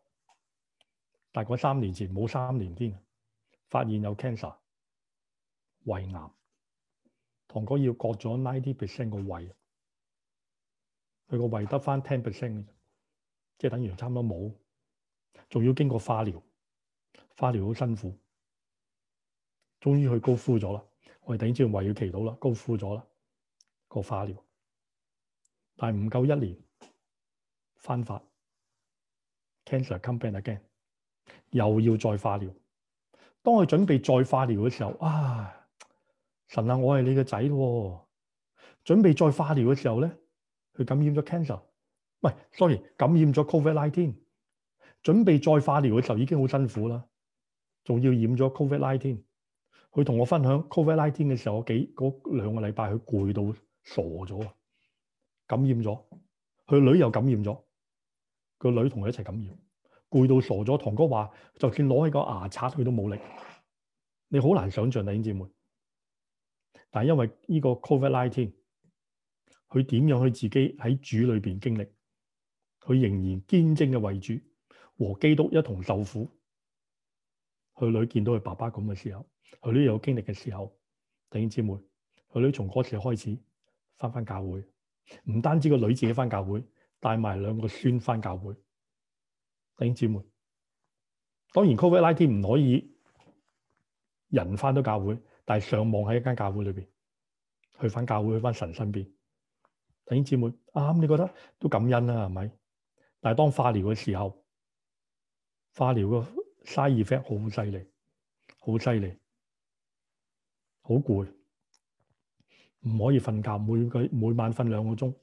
A: 大概三年前冇三年添，發現有 cancer，胃癌。堂哥要割咗 ninety percent 個胃，佢個胃得翻 ten percent 嘅，即係等於差唔多冇，仲要經過化療。化療好辛苦，終於佢高呼咗啦！我哋頂住為佢祈禱啦，高呼咗啦個化療，但係唔夠一年翻發 cancer come back again，又要再化療。當佢準備再化療嘅時候，啊神啊，我係你個仔喎！準備再化療嘅時候咧，佢感染咗 cancer，唔係，sorry 感染咗 covid nineteen。準備再化療嘅時候已經好辛苦啦。仲要染咗 Covid Nineteen，佢同我分享 Covid Nineteen 嘅時候，我幾嗰兩個禮拜佢攰到傻咗啊！感染咗，佢女又感染咗，個女同佢一齊感染，攰到傻咗。堂哥話，就算攞起個牙刷，佢都冇力。你好難想象啊，弟兄姐妹。但係因為呢個 Covid Nineteen，佢點樣去自己喺主裏邊經歷，佢仍然堅貞嘅為主和基督一同受苦。佢女見到佢爸爸咁嘅時候，佢女有經歷嘅時候，弟兄姊妹，佢女從嗰次開始翻翻教會，唔單止個女自己翻教會，帶埋兩個孫翻教會。弟兄姊妹，當然 Covid nineteen 唔可以人翻到教會，但係上網喺一間教會裏邊去翻教會，去翻神身邊。弟兄姊妹，啱、啊、你覺得都感恩啦，係咪？但係當化療嘅時候，化療 side effect 好犀利，好犀利，好攰，唔可以瞓覺每，每個每晚瞓兩個鐘，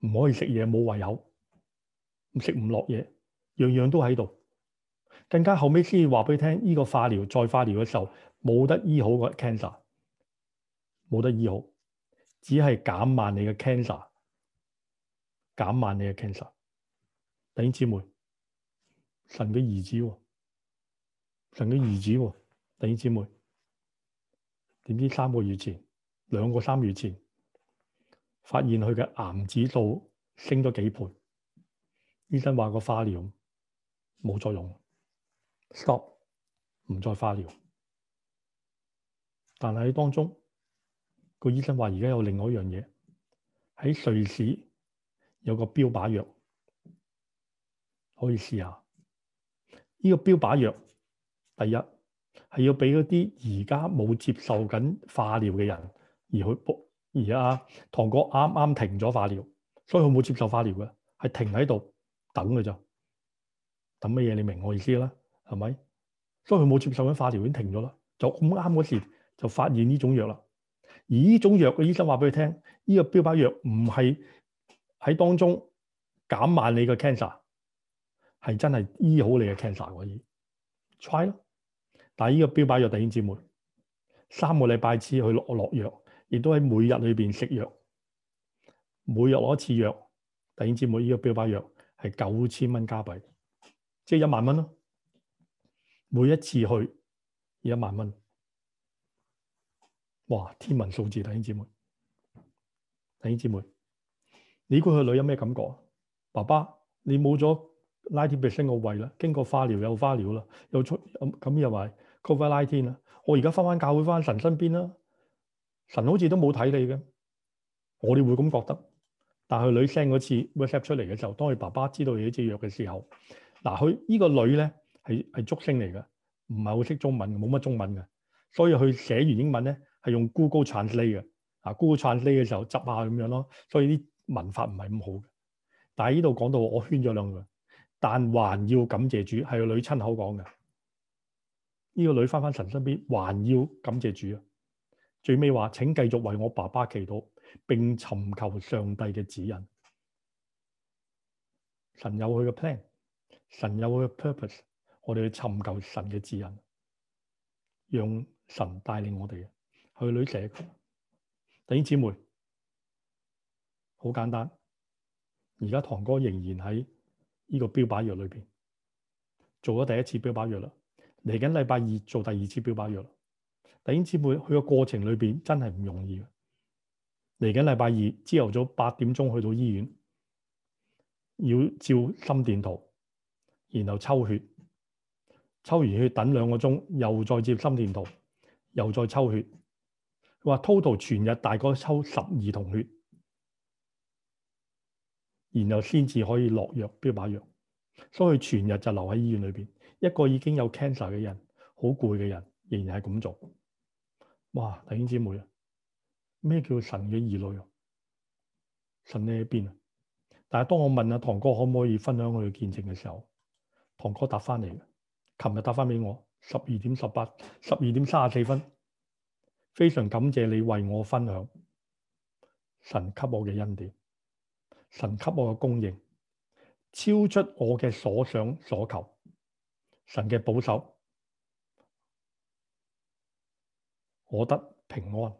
A: 唔可以食嘢，冇胃口，食唔落嘢，樣樣都喺度。更加後尾先話俾你聽，呢、這個化療再化療嘅時候，冇得醫好個 cancer，冇得醫好，只係減慢你嘅 cancer，減慢你嘅 cancer。弟兄姊妹。神嘅兒子，神嘅兒子，弟兄姊妹，點知三個月前，兩個三個月前，發現佢嘅癌指數升咗幾倍，醫生話個化療冇作用，stop，唔再化療。但係喺當中，個醫生話而家有另外一樣嘢，喺瑞士有個標靶藥，可以試下。呢個標靶藥，第一係要俾嗰啲而家冇接受緊化療嘅人而去博。而阿、啊、唐哥啱啱停咗化療，所以佢冇接受化療嘅，係停喺度等嘅啫。等乜嘢？什麼你明我意思啦，係咪？所以佢冇接受緊化療，已經停咗啦。就咁啱嗰時就發現呢種藥啦。而呢種藥嘅醫生話俾佢聽，呢、這個標靶藥唔係喺當中減慢你嘅 cancer。係真係醫好你嘅 cancer 喎，醫 try 咯。但係依個標靶藥，弟兄姊妹三個禮拜次去落落藥，亦都喺每日裏面食藥，每日攞一次藥。弟兄姊妹，依個標靶藥係九千蚊加幣，即係一萬蚊咯。每一次去要一萬蚊，哇！天文數字，弟兄姊妹，弟兄姊妹，你估個女有咩感覺？爸爸，你冇咗。拉天被升個胃啦，經過化療又化療啦，又出咁咁、嗯、又話 cover light 天啦。我而家返返教會，返神身邊啦。神好似都冇睇你嘅，我哋會咁覺得。但係佢女聲嗰次 whatsapp 出嚟嘅時候，當佢爸爸知道呢隻藥嘅時候，嗱，佢呢個女咧係係竹升嚟嘅，唔係好識中文，冇乜中文嘅，所以佢寫完英文咧係用 Google Translate 嘅啊。Google Translate 嘅時候執下咁樣咯，所以啲文法唔係咁好嘅。但係呢度講到我圈咗兩句。但還要感謝主，係個女親口講嘅。呢個女翻返神身邊，還要感謝主啊！最尾話：請繼續為我爸爸祈禱，並尋求上帝嘅指引。神有佢嘅 plan，神有佢嘅 purpose，我哋去尋求神嘅指引，讓神帶領我哋。去女社，弟兄姊妹，好簡單。而家堂哥仍然喺。呢個標靶藥裏邊做咗第一次標靶藥啦，嚟緊禮拜二做第二次標靶藥啦。弟兄姊妹，佢個過程裏邊真係唔容易嘅。嚟緊禮拜二朝頭早八點鐘去到醫院，要照心電圖，然後抽血，抽完血等兩個鐘，又再接心電圖，又再抽血。話 total 全日大概抽十二筒血。然後先至可以落藥，標靶藥，所以全日就留喺醫院裏邊。一個已經有 cancer 嘅人，好攰嘅人，仍然係咁做。哇，弟兄姊妹啊，咩叫神嘅兒女啊？神你喺邊啊？但係當我問阿、啊、唐哥可唔可以分享我嘅見證嘅時候，唐哥答翻嚟嘅，琴日答翻俾我，十二點十八，十二點三十四分。非常感謝你為我分享神給我嘅恩典。神給我嘅供應，超出我嘅所想所求。神嘅保守，我得平安、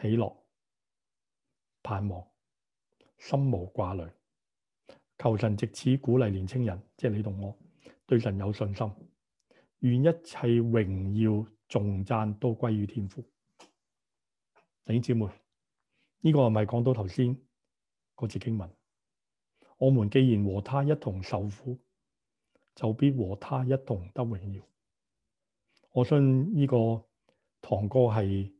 A: 喜樂、盼望，心無掛慮。求神借此鼓勵年青人，即係你同我，對神有信心。願一切榮耀、頌讚都歸於天父。弟兄姊妹，呢個係咪講到頭先？個字經文，我們既然和他一同受苦，就必和他一同得榮耀。我信呢個堂哥係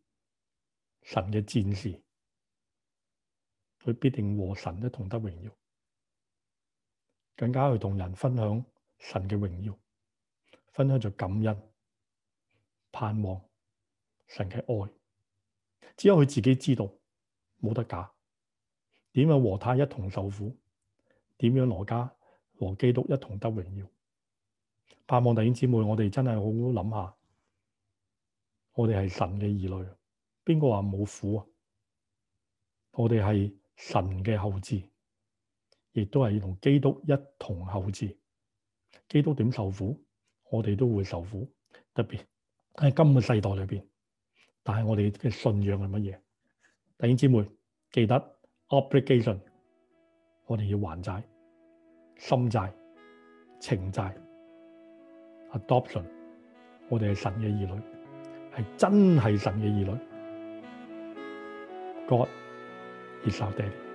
A: 神嘅戰士，佢必定和神一同得榮耀，更加去同人分享神嘅榮耀，分享着感恩、盼望神嘅愛，只有佢自己知道，冇得假。點樣和他一同受苦？點樣羅家和基督一同得榮耀？盼望弟兄姊妹，我哋真係好好諗下，我哋係神嘅兒女，邊個話冇苦啊？我哋係神嘅後嗣，亦都係要同基督一同後嗣。基督點受苦，我哋都會受苦，特別喺今個世代裏邊。但係我哋嘅信仰係乜嘢？弟兄姊妹，記得。Obligation，我哋要還債、心債、情債。Adoption，我哋係神嘅兒女，係真係神嘅兒女。God，is our daddy。